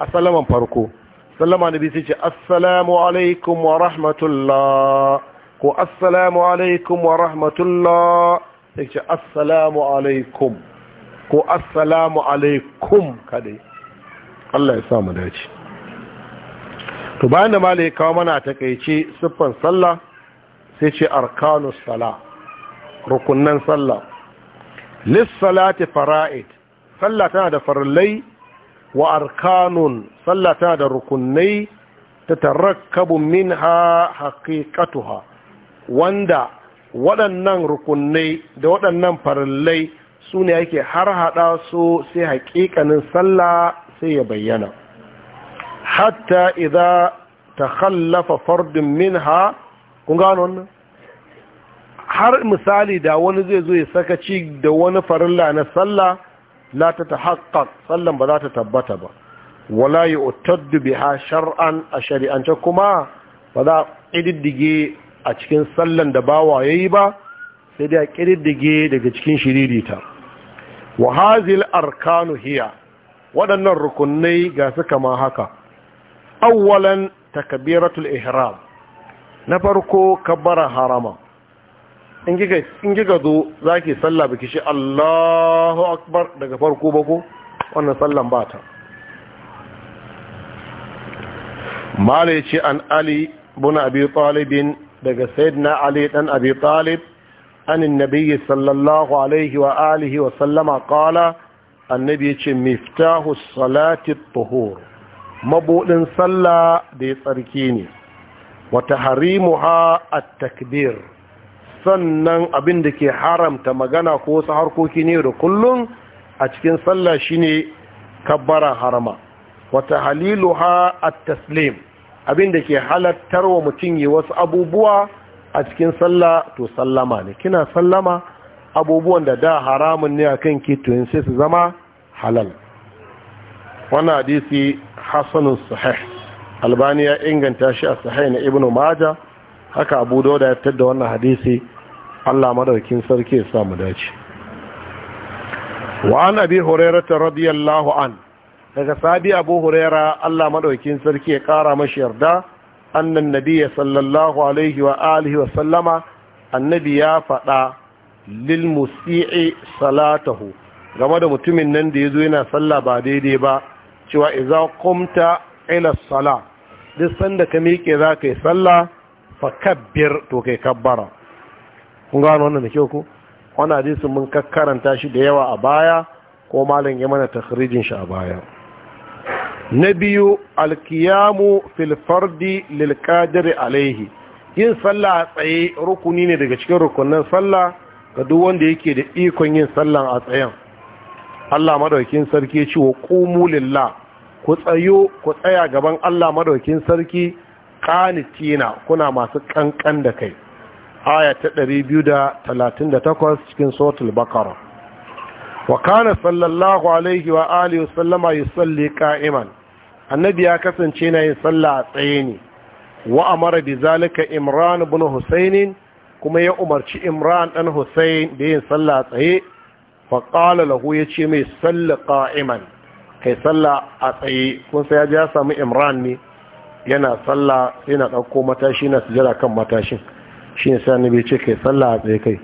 a sallaman farko sallama bi sai ce assalamu alaikum wa rahmatullah ko assalamu alaikum wa rahmatullah sai ce assalamu alaikum ko assalamu alaikum kadai Allah ya samu dace to bayan da malai kawo mana a takaice siffan sallah sai ce arkanus sallah, rukunnan sallah lissalati fara'id sallah tana da farallai wa arkanun sallah tana da rukunnai ta min ha haƙiƙatuwa, wanda waɗannan rukunnai da waɗannan farallai su ne yake har haɗa su sai haƙiƙanin sallah sai ya bayyana hatta idza takhallafa fardun minha kun gano wannan har misali da wani zai zo ya sakaci da wani farilla na sallah la ta tahaqqaq sallan ba za ta tabbata ba wala yu'taddu biha shar'an a shari'ance kuma ba za ƙididdige a cikin sallan da bawa yayi ba sai dai a daga cikin shiririta wa hazil arkanu hiya waɗannan rukunai ga su kama haka awwalan takbiratul ihram na farko kabbara harama in kika zo za zaki sallah biki shi Allahu akbar daga farko bako wannan sallan bata mala ce an ali bin abi talib daga sayyidina ali dan abi talib an annabi sallallahu alaihi wa alihi wa sallama qala annabi ya yace miftahu salati at-tuhur mabuɗin sallah da ya tsarki ne wata harimu a takbir sannan abin da ke haramta magana ko wasu harkoki ne da kullum a cikin sallah shine kabbara harama wata halilu a taslim abin da ke halattar wa mutum yi wasu abubuwa a cikin sallah to sallama ne kina sallama abubuwan da da haramun ne a kan kitoyin sai su zama halal wannan hadisi hasanun sahih albani ya inganta shi a sahih na ibnu maja haka abu dauda ya fitar da wannan hadisi Allah madaukin sarki ya samu dace wa an abi hurairata radiyallahu an daga sabi abu huraira Allah madaukin sarki ya kara mashi yarda annan nabiyya sallallahu alaihi wa alihi wa sallama annabi ya faɗa lil musii'i salatahu game da mutumin nan da yazo yana sallah ba daidai ba cewa idza qumta ila sala duk sanda ka miƙe za ka yi sallah fa kabbir to kai kabbara kun gano wannan da kyau ko wani hadisin mun kakkaranta shi da yawa a baya ko malam ya mana takhrijin shi a baya na biyu alkiyamu Filfardi fardi lil alaihi yin sallah a tsaye rukuni ne daga cikin rukunin sallah ga duk wanda yake da ikon yin sallah a tsayen Allah madaukin sarki ce wa qumu lillah ku tsayo ku tsaya gaban Allah madaukin sarki qanitina kuna masu kankan da kai aya ta 238 cikin suratul baqara wa kana sallallahu alaihi wa alihi sallama yusalli qa'iman annabi ya kasance na yin sallah a tsaye ne wa amara bi zalika imran ibn husayn kuma ya umarci imran dan husayn da yin sallah a tsaye faƙala lahu ya ce mai salli ƙa'iman kai salla a tsaye kun sai ya ji sami imran ne yana salla sai na ɗauko matashi na sujada kan matashin shi ne sani bai ce kai salla a tsaye kai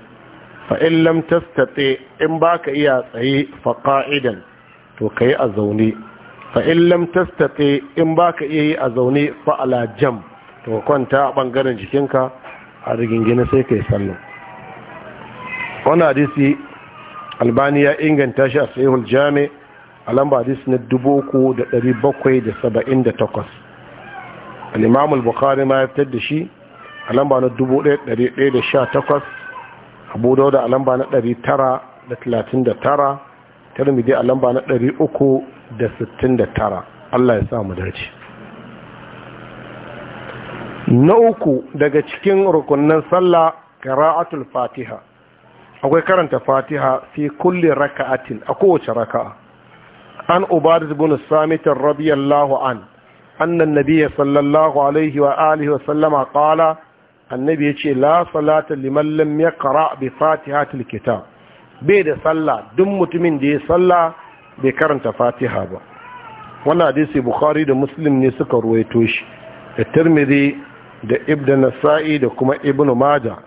fa'in lam tastatse in ba ka iya tsaye faƙa'idan to ka yi a zaune fa'in lam tastatse in ba ka iya yi a zaune fa'ala jam to kwanta a ɓangaren jikinka a rigingine sai kai yi sallo wani hadisi albani ya inganta shi a sahihul jami a lamba hadis na 3778 al-imam al-bukhari ma ya fitar da shi a lamba na 1118 abu dauda a lamba na 939 tirmidhi a lamba na 369 Allah ya sa mu dace na uku daga cikin rukunnan sallah qira'atul fatiha akwai karanta fatiha fi kulli raka'atin a kowace raka'a an ubadu bin samit radiyallahu an annan nabiyya sallallahu alaihi wa alihi wa sallama qala annabi yace la salata liman lam yaqra bi fatihatil kitab bai da sallah duk mutumin da ya sallah bai karanta fatiha ba wannan hadisi bukhari da muslim ne suka ruwaito shi da tirmidhi da ibnu nasa'i da kuma Ibnu majah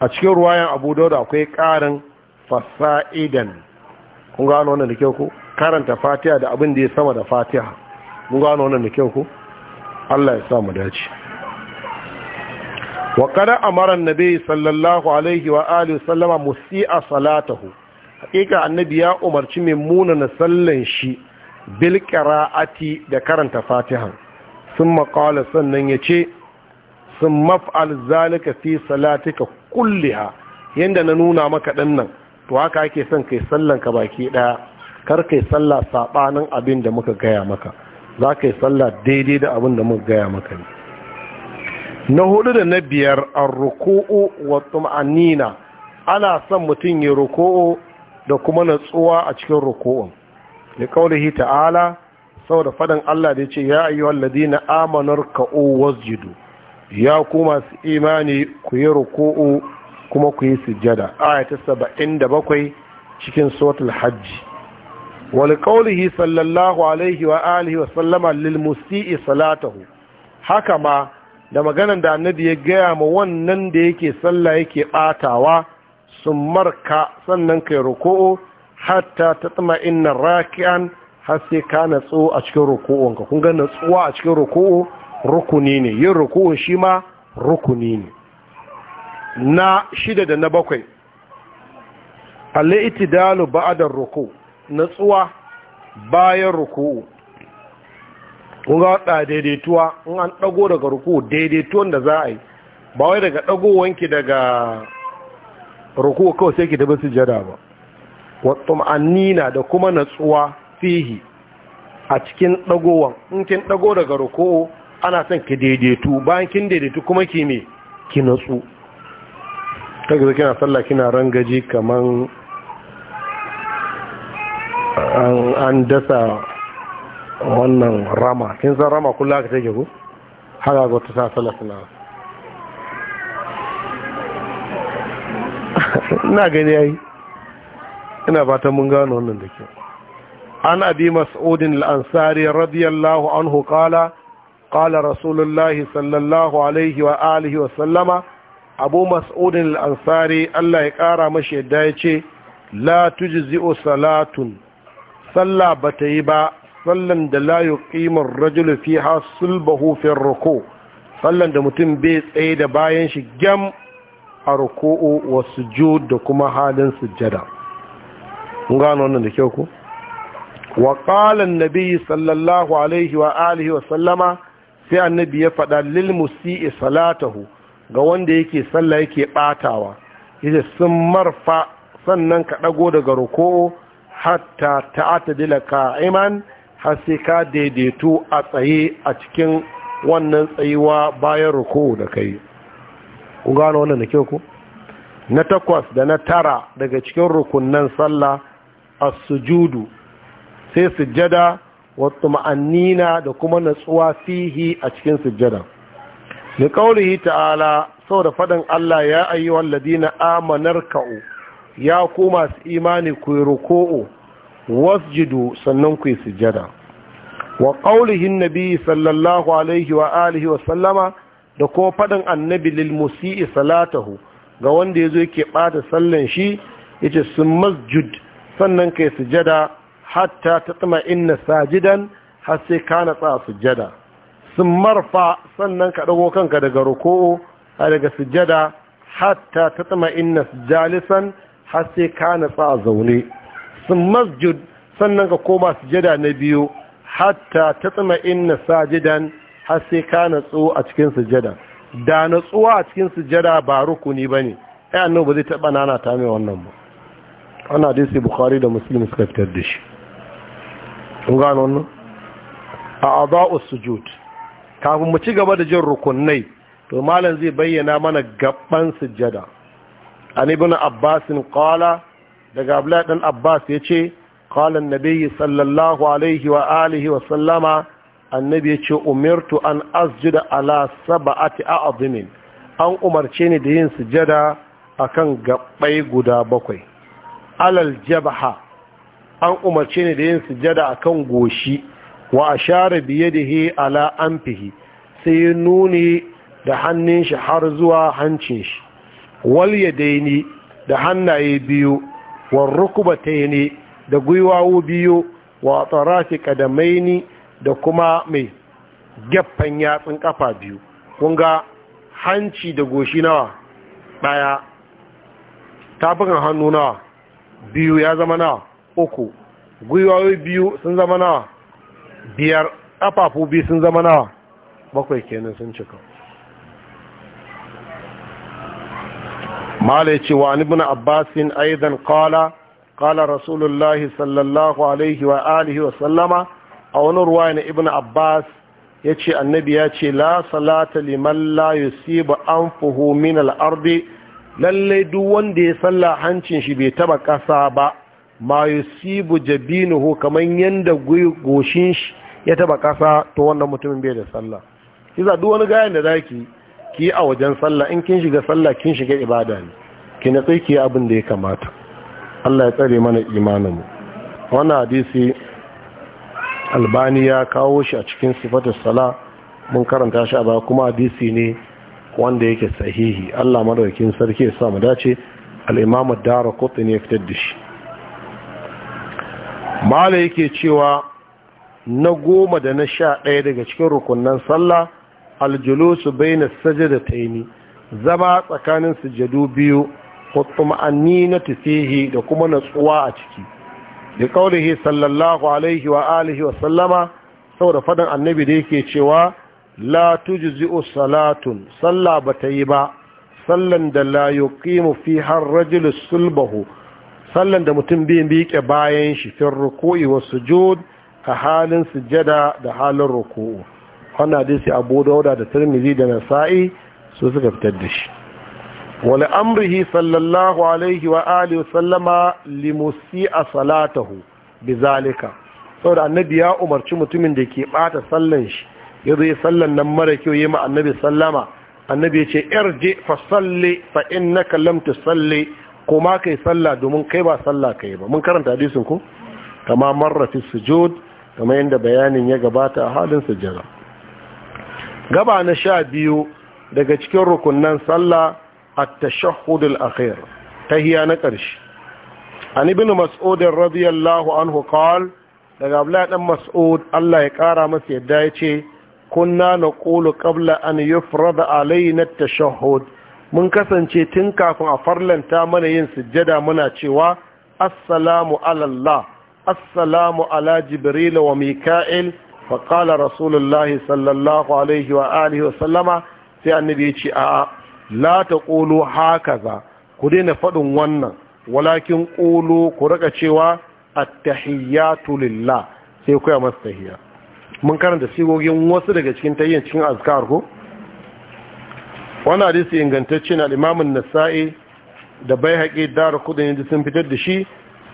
a cikin ruwayan abu dauda akwai ƙarin fasa'idan kun gano wannan da kyau ku karanta fatiha da abin da ya sama da fatiha Kun gano wannan da kyau ku Allah ya sa mu dace wa kada amara annabi sallallahu alaihi wa alihi sallama a salatahu hakika annabi ya umarci mai munana sallan shi bil qira'ati da karanta fatiha sun qala sannan yace sun maf'al zalika fi salatika kulliha yanda na nuna maka nan, to haka ake son kai sallan ka baki ɗaya kar kai sallah saɓanin abin da muka gaya maka za kai sallah daidai da abin da muka gaya maka ne na hudu da na biyar ar ruku'u wa tum'anina ana son mutum ya ruku'u da kuma natsuwa a cikin ruku'un da kaulihi ta'ala saboda faɗin Allah da ya ce ya ayyuhal ladina amanar ka'u wasjudu ya ku masu imani ku yi ruku'u kuma ku yi sujjada ayata saba'in da bakwai cikin sotul hajji wani ƙaunihi sallallahu alaihi wa alihi wa sallama lil musi'i salatahu haka ma da maganan da annabi ya gaya ma wannan da yake sallah yake ɓatawa sun sannan kai ruku'u hatta ta tsama inna raki'an har sai ka natsu a cikin ruku'unka kun ga natsuwa a cikin ruku'u rukuni ne yin rukuhu shi ma rukuni ne na shida da na bakwai al'itidalu ba'adar ruku natsuwa bayan ruku'u ga wata daidaituwa in an dago daga ruku'u daidaituwan da za a yi bawai daga dagowanki daga ruku'u kawai sai ki tabi jada ba annina da kuma natsuwa fihi a cikin dagowan in kin dago daga ruku'u ana son ka daidaitu bayan kin daidaitu kuma ki me ki natsu kaga kina sallah kina rangaji kaman an dasa wannan rama kin san rama kullaka ka take ku haka ga ta sallah suna ina gani yayi ina fatan mun gano wannan da kyau an abi mas'udin al-ansari radiyallahu anhu qala قال رسول الله صلى الله عليه وآله وسلم أبو مسعود الأنصاري الله يقارى مشي دايتي لا تجزئ صلاة صلى بتيبا صلى لا يقيم الرجل فيها صلبه في الركوع صلى da mutum bai tsaye da bayan shi gam a ruku'u wa sujud da kuma halin sujjada kun gano wannan da kyau ko wa qala an-nabi sallallahu alaihi wa alihi wa sallama sai annabi ya faɗa lil musi'i salatahu ga wanda yake sallah yake ɓatawa, yace sun marfa sannan ka ɗago daga ruku'u hatta ta'tadila qa'iman har sai ka daidaito a tsaye a cikin wannan tsayuwa bayan ruku'u da kai ku wannan da kyau ko na takwas da na tara daga cikin rukunan sallah a sujudu sai sujjada wato ma'annina da kuma natsuwa fihi a cikin sujjada da kaurihi ta'ala sau da faɗin Allah ya ayi na amanar ka'u ya ku masu imani ku ruku'u wasjidu sannan ku sujjada wa qaulihin nabi sallallahu alaihi wa alihi wa sallama da kuma faɗin annabi lil musii salatahu ga wanda yazo yake bata sallan shi yace sun masjud sannan kai sujjada hatta ta tsima inna sajidan har sai ka natsa sujjada sun marfa sannan ka ɗago kanka daga ruku'u a daga sujjada hatta ta tsima inna jalisan har sai ka natsa a zaune sun masjid sannan ka koma sujjada na biyu hatta ta tsima inna sajidan har sai ka natsu a cikin sujjada da natsuwa a cikin sujjada ba rukuni ba ne ai annabi ba zai taɓa nana ta mai wannan ba ana dai sai bukhari da Musulmi suka fitar da shi kun gano wannan a adha'us sujud kafin mu ci gaba da jin rukunai to malam zai bayyana mana gaban sujjada an ibn abbas qala daga abdullah ɗan abbas yace qala na biyu sallallahu alaihi wa alihi wa sallama annabi ya ce umirtu an asjuda ala saba'ati a'zimin an umarce ni da yin sujada akan gabbai guda bakwai alal jabha an umarce ni da yin sujada kan goshi wa ashara da ala anfihi sai nuni da hannun shi har zuwa hancin shi wal yadaini da hannaye biyu wa rukubataini da gwiwawo biyu wa tsarafi kadamaini da kuma mai gaffan yatsun kafa biyu kun ga hanci da goshi nawa daya tafukan hannu nawa biyu ya zama nawa uku gwiwawi biyu sun zama nawa biyar ƙafafu biyu sun zama nawa bakwai kenan sun cika mala cewa ce wa ibn abbasin aidan kala kala rasulullahi sallallahu alaihi wa alihi wa sallama a wani ruwa na ibn abbas ya ce annabi ya ce la salata liman la an fuhu min al'arbi lallai duk wanda ya salla hancin shi bai taba ƙasa ba ma yusibu jabinuhu kaman yanda goshin shi ya taba kasa to wannan mutumin bai da sallah kiza duk wani gayan da zaki ki a wajen sallah in kin shiga sallah kin shiga ibada ne ki na ki abin da ya kamata Allah ya tsare mana imanin mu wannan hadisi albani ya kawo shi a cikin sifatar sala mun karanta shi a baya kuma hadisi ne wanda yake sahihi Allah madaukakin sarki ya sa mu dace al-imam ad-darqutni ya fitar da shi mala yake cewa na goma da na sha ɗaya daga cikin rukunan sallah aljulusu bai na sajada ta yi zama tsakanin sujadu biyu kutuma'anni na tafihi da kuma natsuwa a ciki da kaurihi sallallahu alaihi wa alihi wa sallama saboda faɗin annabi da yake cewa la zi'o salatun sallah ba ta yi ba sallan da la yuqimu fi har rajul sulbahu sallan da mutum bi miƙe bayan shi fi ruku'i wa sujud a halin sujada da halin ruku'u wannan hadisi abu dauda da tirmizi da nasa'i su suka fitar da shi wal amrihi sallallahu alaihi wa alihi sallama li a salatahu bizalika saboda annabi ya umarci mutumin da ke bata sallan shi ya zai sallan nan mara kyau yi ma annabi sallama annabi ya ce yarje fa salli fa innaka lam tusalli ko ma kai sallah domin kai ba sallah kai ba mun karanta hadisin ko kama marra fi sujud kama yadda bayanin ya gabata a halin sujada gaba na sha biyu daga cikin rukunnan sallah at-tashahhud al-akhir tahiya na ƙarshe an ibn mas'ud radiyallahu anhu qala daga abdullahi dan mas'ud Allah ya kara masa yadda yace kunna na naqulu ƙabla an yufrada alaina at-tashahhud mun kasance tun kafin a farlanta mana yin sujjada muna cewa assalamu alallah assalamu ala jibril wa mika'il wa qala rasulullahi sallallahu alaihi wa alihi wa sallama sai annabi ya ce a'a la taqulu hakaza ku daina faɗin wannan walakin qulu ku raka cewa at-tahiyatu lillah sai ku ya masa mun karanta sigogin wasu daga cikin tayyin cikin azkar ko wani hadisi ingantacce na nasa'i da bai haƙi dara kudin yadda sun fitar da shi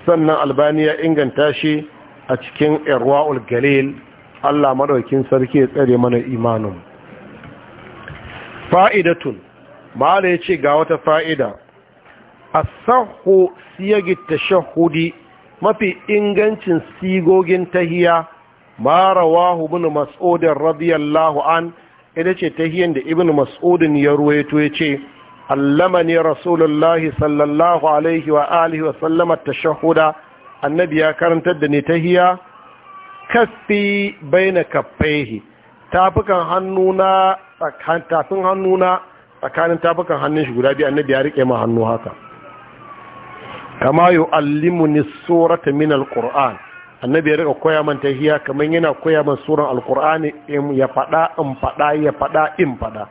sannan albani inganta shi a cikin irwa'ul galil allah maɗaukin sarki ya tsare mana imanin fa'idatun ma'ala ya ce ga wata fa'ida a sahu siyagi tashahudi mafi ingancin sigogin tahiya mara rawahu bin mas'udin radiyallahu an ita ce ta hiyar da ibn mas'udin ya ruwaito ya ce allamani rasulullahi sallallahu alaihi wa alihi wa sallama shahuda annabi ya karantar da ni ta hiya bai na kaffaihi tafukan hannuna tafin hannuna tsakanin tafukan hannun shi guda biyu annabi ya rike ma hannu haka kama ni surata min alquran annabi ya rika koya man tahiya kamar yana koya man suran alkur'ani in ya faɗa in faɗa ya faɗa in faɗa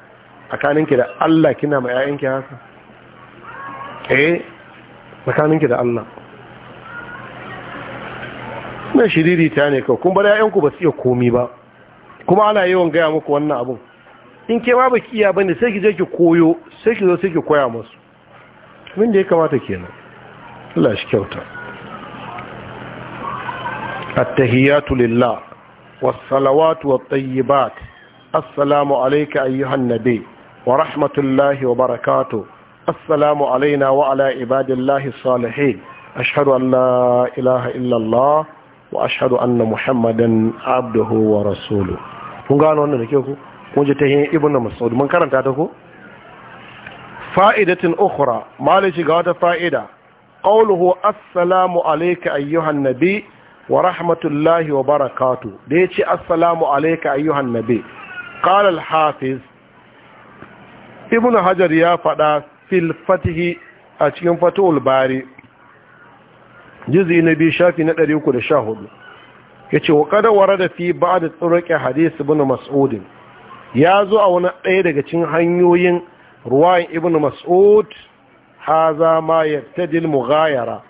tsakaninki da Allah kina ma ƴaƴanki haka eh tsakaninki da Allah na shiriri ta ne kawai kun bar ku ba su iya komi ba kuma ana yawan gaya muku wannan abun in ke ba baki iya bane sai ki je ki koyo sai ki zo sai ki koya musu Mun da ya kamata kenan Allah shi kyauta التهيات لله والصلوات والطيبات السلام عليك أيها النبي ورحمة الله وبركاته السلام علينا وعلى عباد الله الصالحين أشهد أن لا إله إلا الله وأشهد أن محمدا عبده ورسوله kun gano wannan da ke ku kun ji ta hin ibn mas'ud mun karanta ta ku fa'idatin ukhra malishi ga wata fa'ida qawluhu assalamu alayka ayyuhan nabi wa rahmatullahi wa barakatu da ya ce assalamu alaika ayyuhan nabi ƙalal hafiz Ibn hajar ya faɗa fil a cikin fatul bari jizi na biyu shafi na 314 ce wa kada warada fi da tsoroƙe hadith ibn Mas'udin ya zo a wani ɗaya daga cin hanyoyin ruwan ibn mas'ud haza ma yattadil mughayara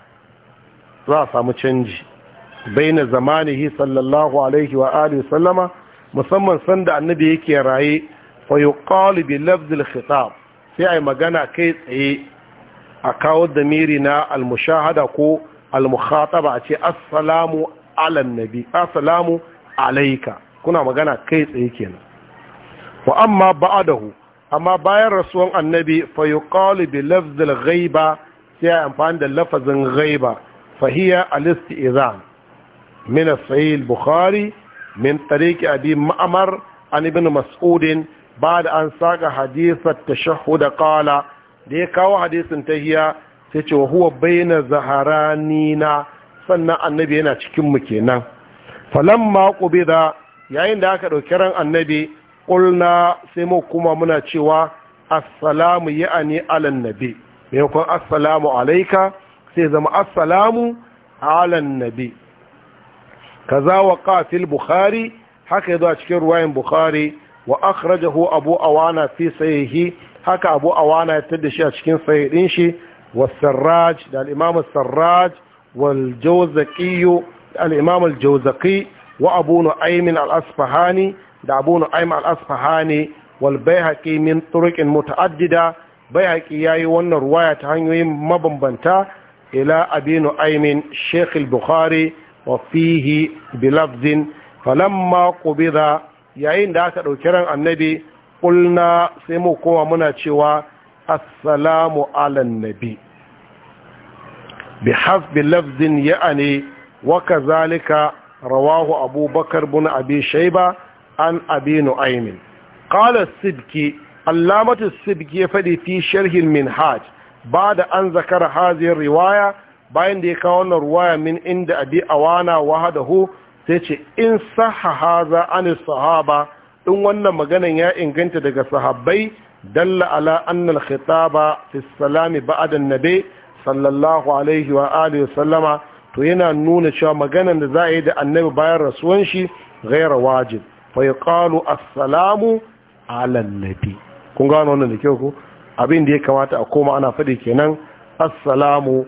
za a samu canji baina zamanihi sallallahu alaihi wa alihi sallama musamman sanda annabi yake raye fa yuqalu bi lafzil khitab sai ai magana kai tsaye a kawo damiri na al-mushahada ko al a ce assalamu ala nabi assalamu alayka kuna magana kai tsaye kenan wa amma ba'dahu amma bayan rasuwan annabi fa yuqalu bi lafzil ghaiba sai ai amfani da lafazin ghaiba fa hiya al-istizan min sahih bukhari min tariqi abi ma'mar an ibn mas'ud ba'da an saka hadith at-tashahhud qala da ya kawo hadisin tahiya sai ce wa baina Zahra nina. sannan annabi yana cikin mu kenan falamma qubida yayin da aka dauki ran annabi qulna sai mu kuma muna cewa assalamu ya'ani alan nabi maimakon assalamu alaika sai zama assalamu alan nabi kaza wa qafil bukhari haka yazo a cikin ruwayan bukhari wa akhrajahu abu awana fi sahihi haka abu awana ya tada shi a cikin sahihin shi wa sarraj da al-imam sarraj wal jawzaqi al-imam al-jawzaqi wa abu nu'aym al-asfahani da abu nu'aym al-asfahani wal bayhaqi min turuqin muta'addida bayhaqi yayi wannan ruwaya ta hanyoyin mabambanta ila abi nu'aym shaykh al-bukhari وفيه بلفظ فلما قبض يعين داك دوكران النبي قلنا سيمو كوا السلام على النبي بحسب لفظ يعني وكذلك رواه ابو بكر بن ابي شيبه عن ابي نعيم قال السبكي اللامة السبكي فدي في شرح المنهاج بعد ان ذكر هذه الروايه bayan da ya kawo wannan ruwaya min inda abi awana wahadahu sai ce in saha haza an sahaba in wannan maganan ya inganta daga sahabbai dalla ala annal khitaba fi salami ba'da annabi sallallahu alaihi wa alihi sallama to yana nuna cewa maganan da za a yi da annabi bayan rasuwan shi ghayra wajib fa yuqalu assalamu ala annabi kun gano wannan da kyau ko abin da ya kamata a koma ana faɗi kenan assalamu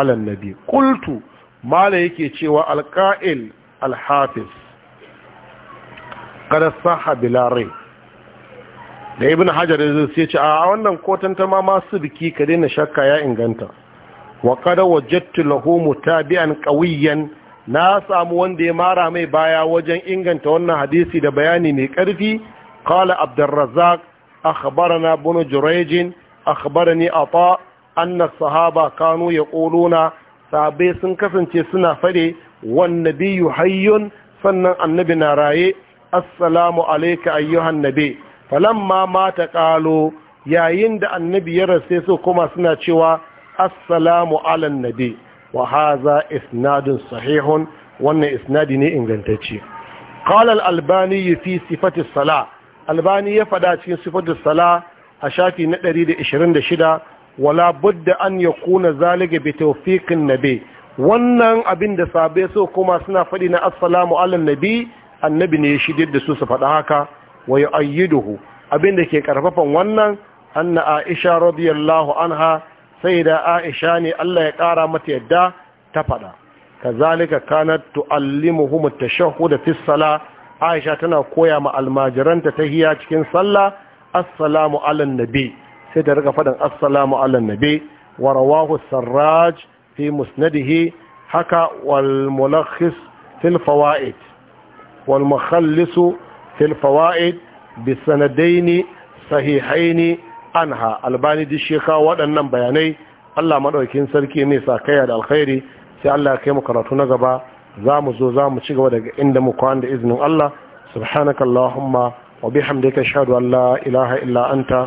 alan nabi qultu mala yake cewa alqa'il alhafiz kada saha bilare da ibn hajar zai ce a wannan ta ma masu biki ka daina shakka ya inganta wa qad wajadtu lahu mutabi'an qawiyan na samu wanda ya mara mai baya wajen inganta wannan hadisi da bayani mai karfi qala abdurrazzaq akhbarana bunu jurayj akhbarani ata annas sahaba kanu ya ƙoluna sabai sun kasance suna fade wan nabiyyu hayyun sannan annabi na raye assalamu alaika ayyuhan nabi falamma mata kalo yayin da annabi ya rasu su kuma suna cewa assalamu ala nabi wa hadha isnadun sahihun wannan isnadi ne ingantacce qala al-albani fi sifati as-salah albani ya faɗa cikin sifati as a shafi na 126 wala budda an yakuna zalika bi tawfiqin nabi wannan abin da sabe so kuma suna faɗi na assalamu ala nabi annabi ne ya shidid da su su faɗa haka wa ayyiduhu abin da ke karfafan wannan anna aisha radiyallahu anha sai da aisha ne Allah ya ƙara mata yadda ta faɗa kazalika kanat tu'allimuhum at fi as aisha tana koya ma almajiranta tahiyya cikin sallah assalamu ala nabi sai da rika faɗin assalamu ala nabi wa rawahu sarraj fi musnadihi haka wal mulakhis fil fawaid wal mukhallis fil fawaid bi sanadaini sahihaini anha albani di sheka waɗannan bayanai Allah madaukin sarki mai sakaya da alkhairi sai Allah ya kai mu karatu na gaba za mu zo za mu ci gaba daga inda mu kwana da iznin Allah subhanakallahumma wa bihamdika ashhadu an la ilaha illa anta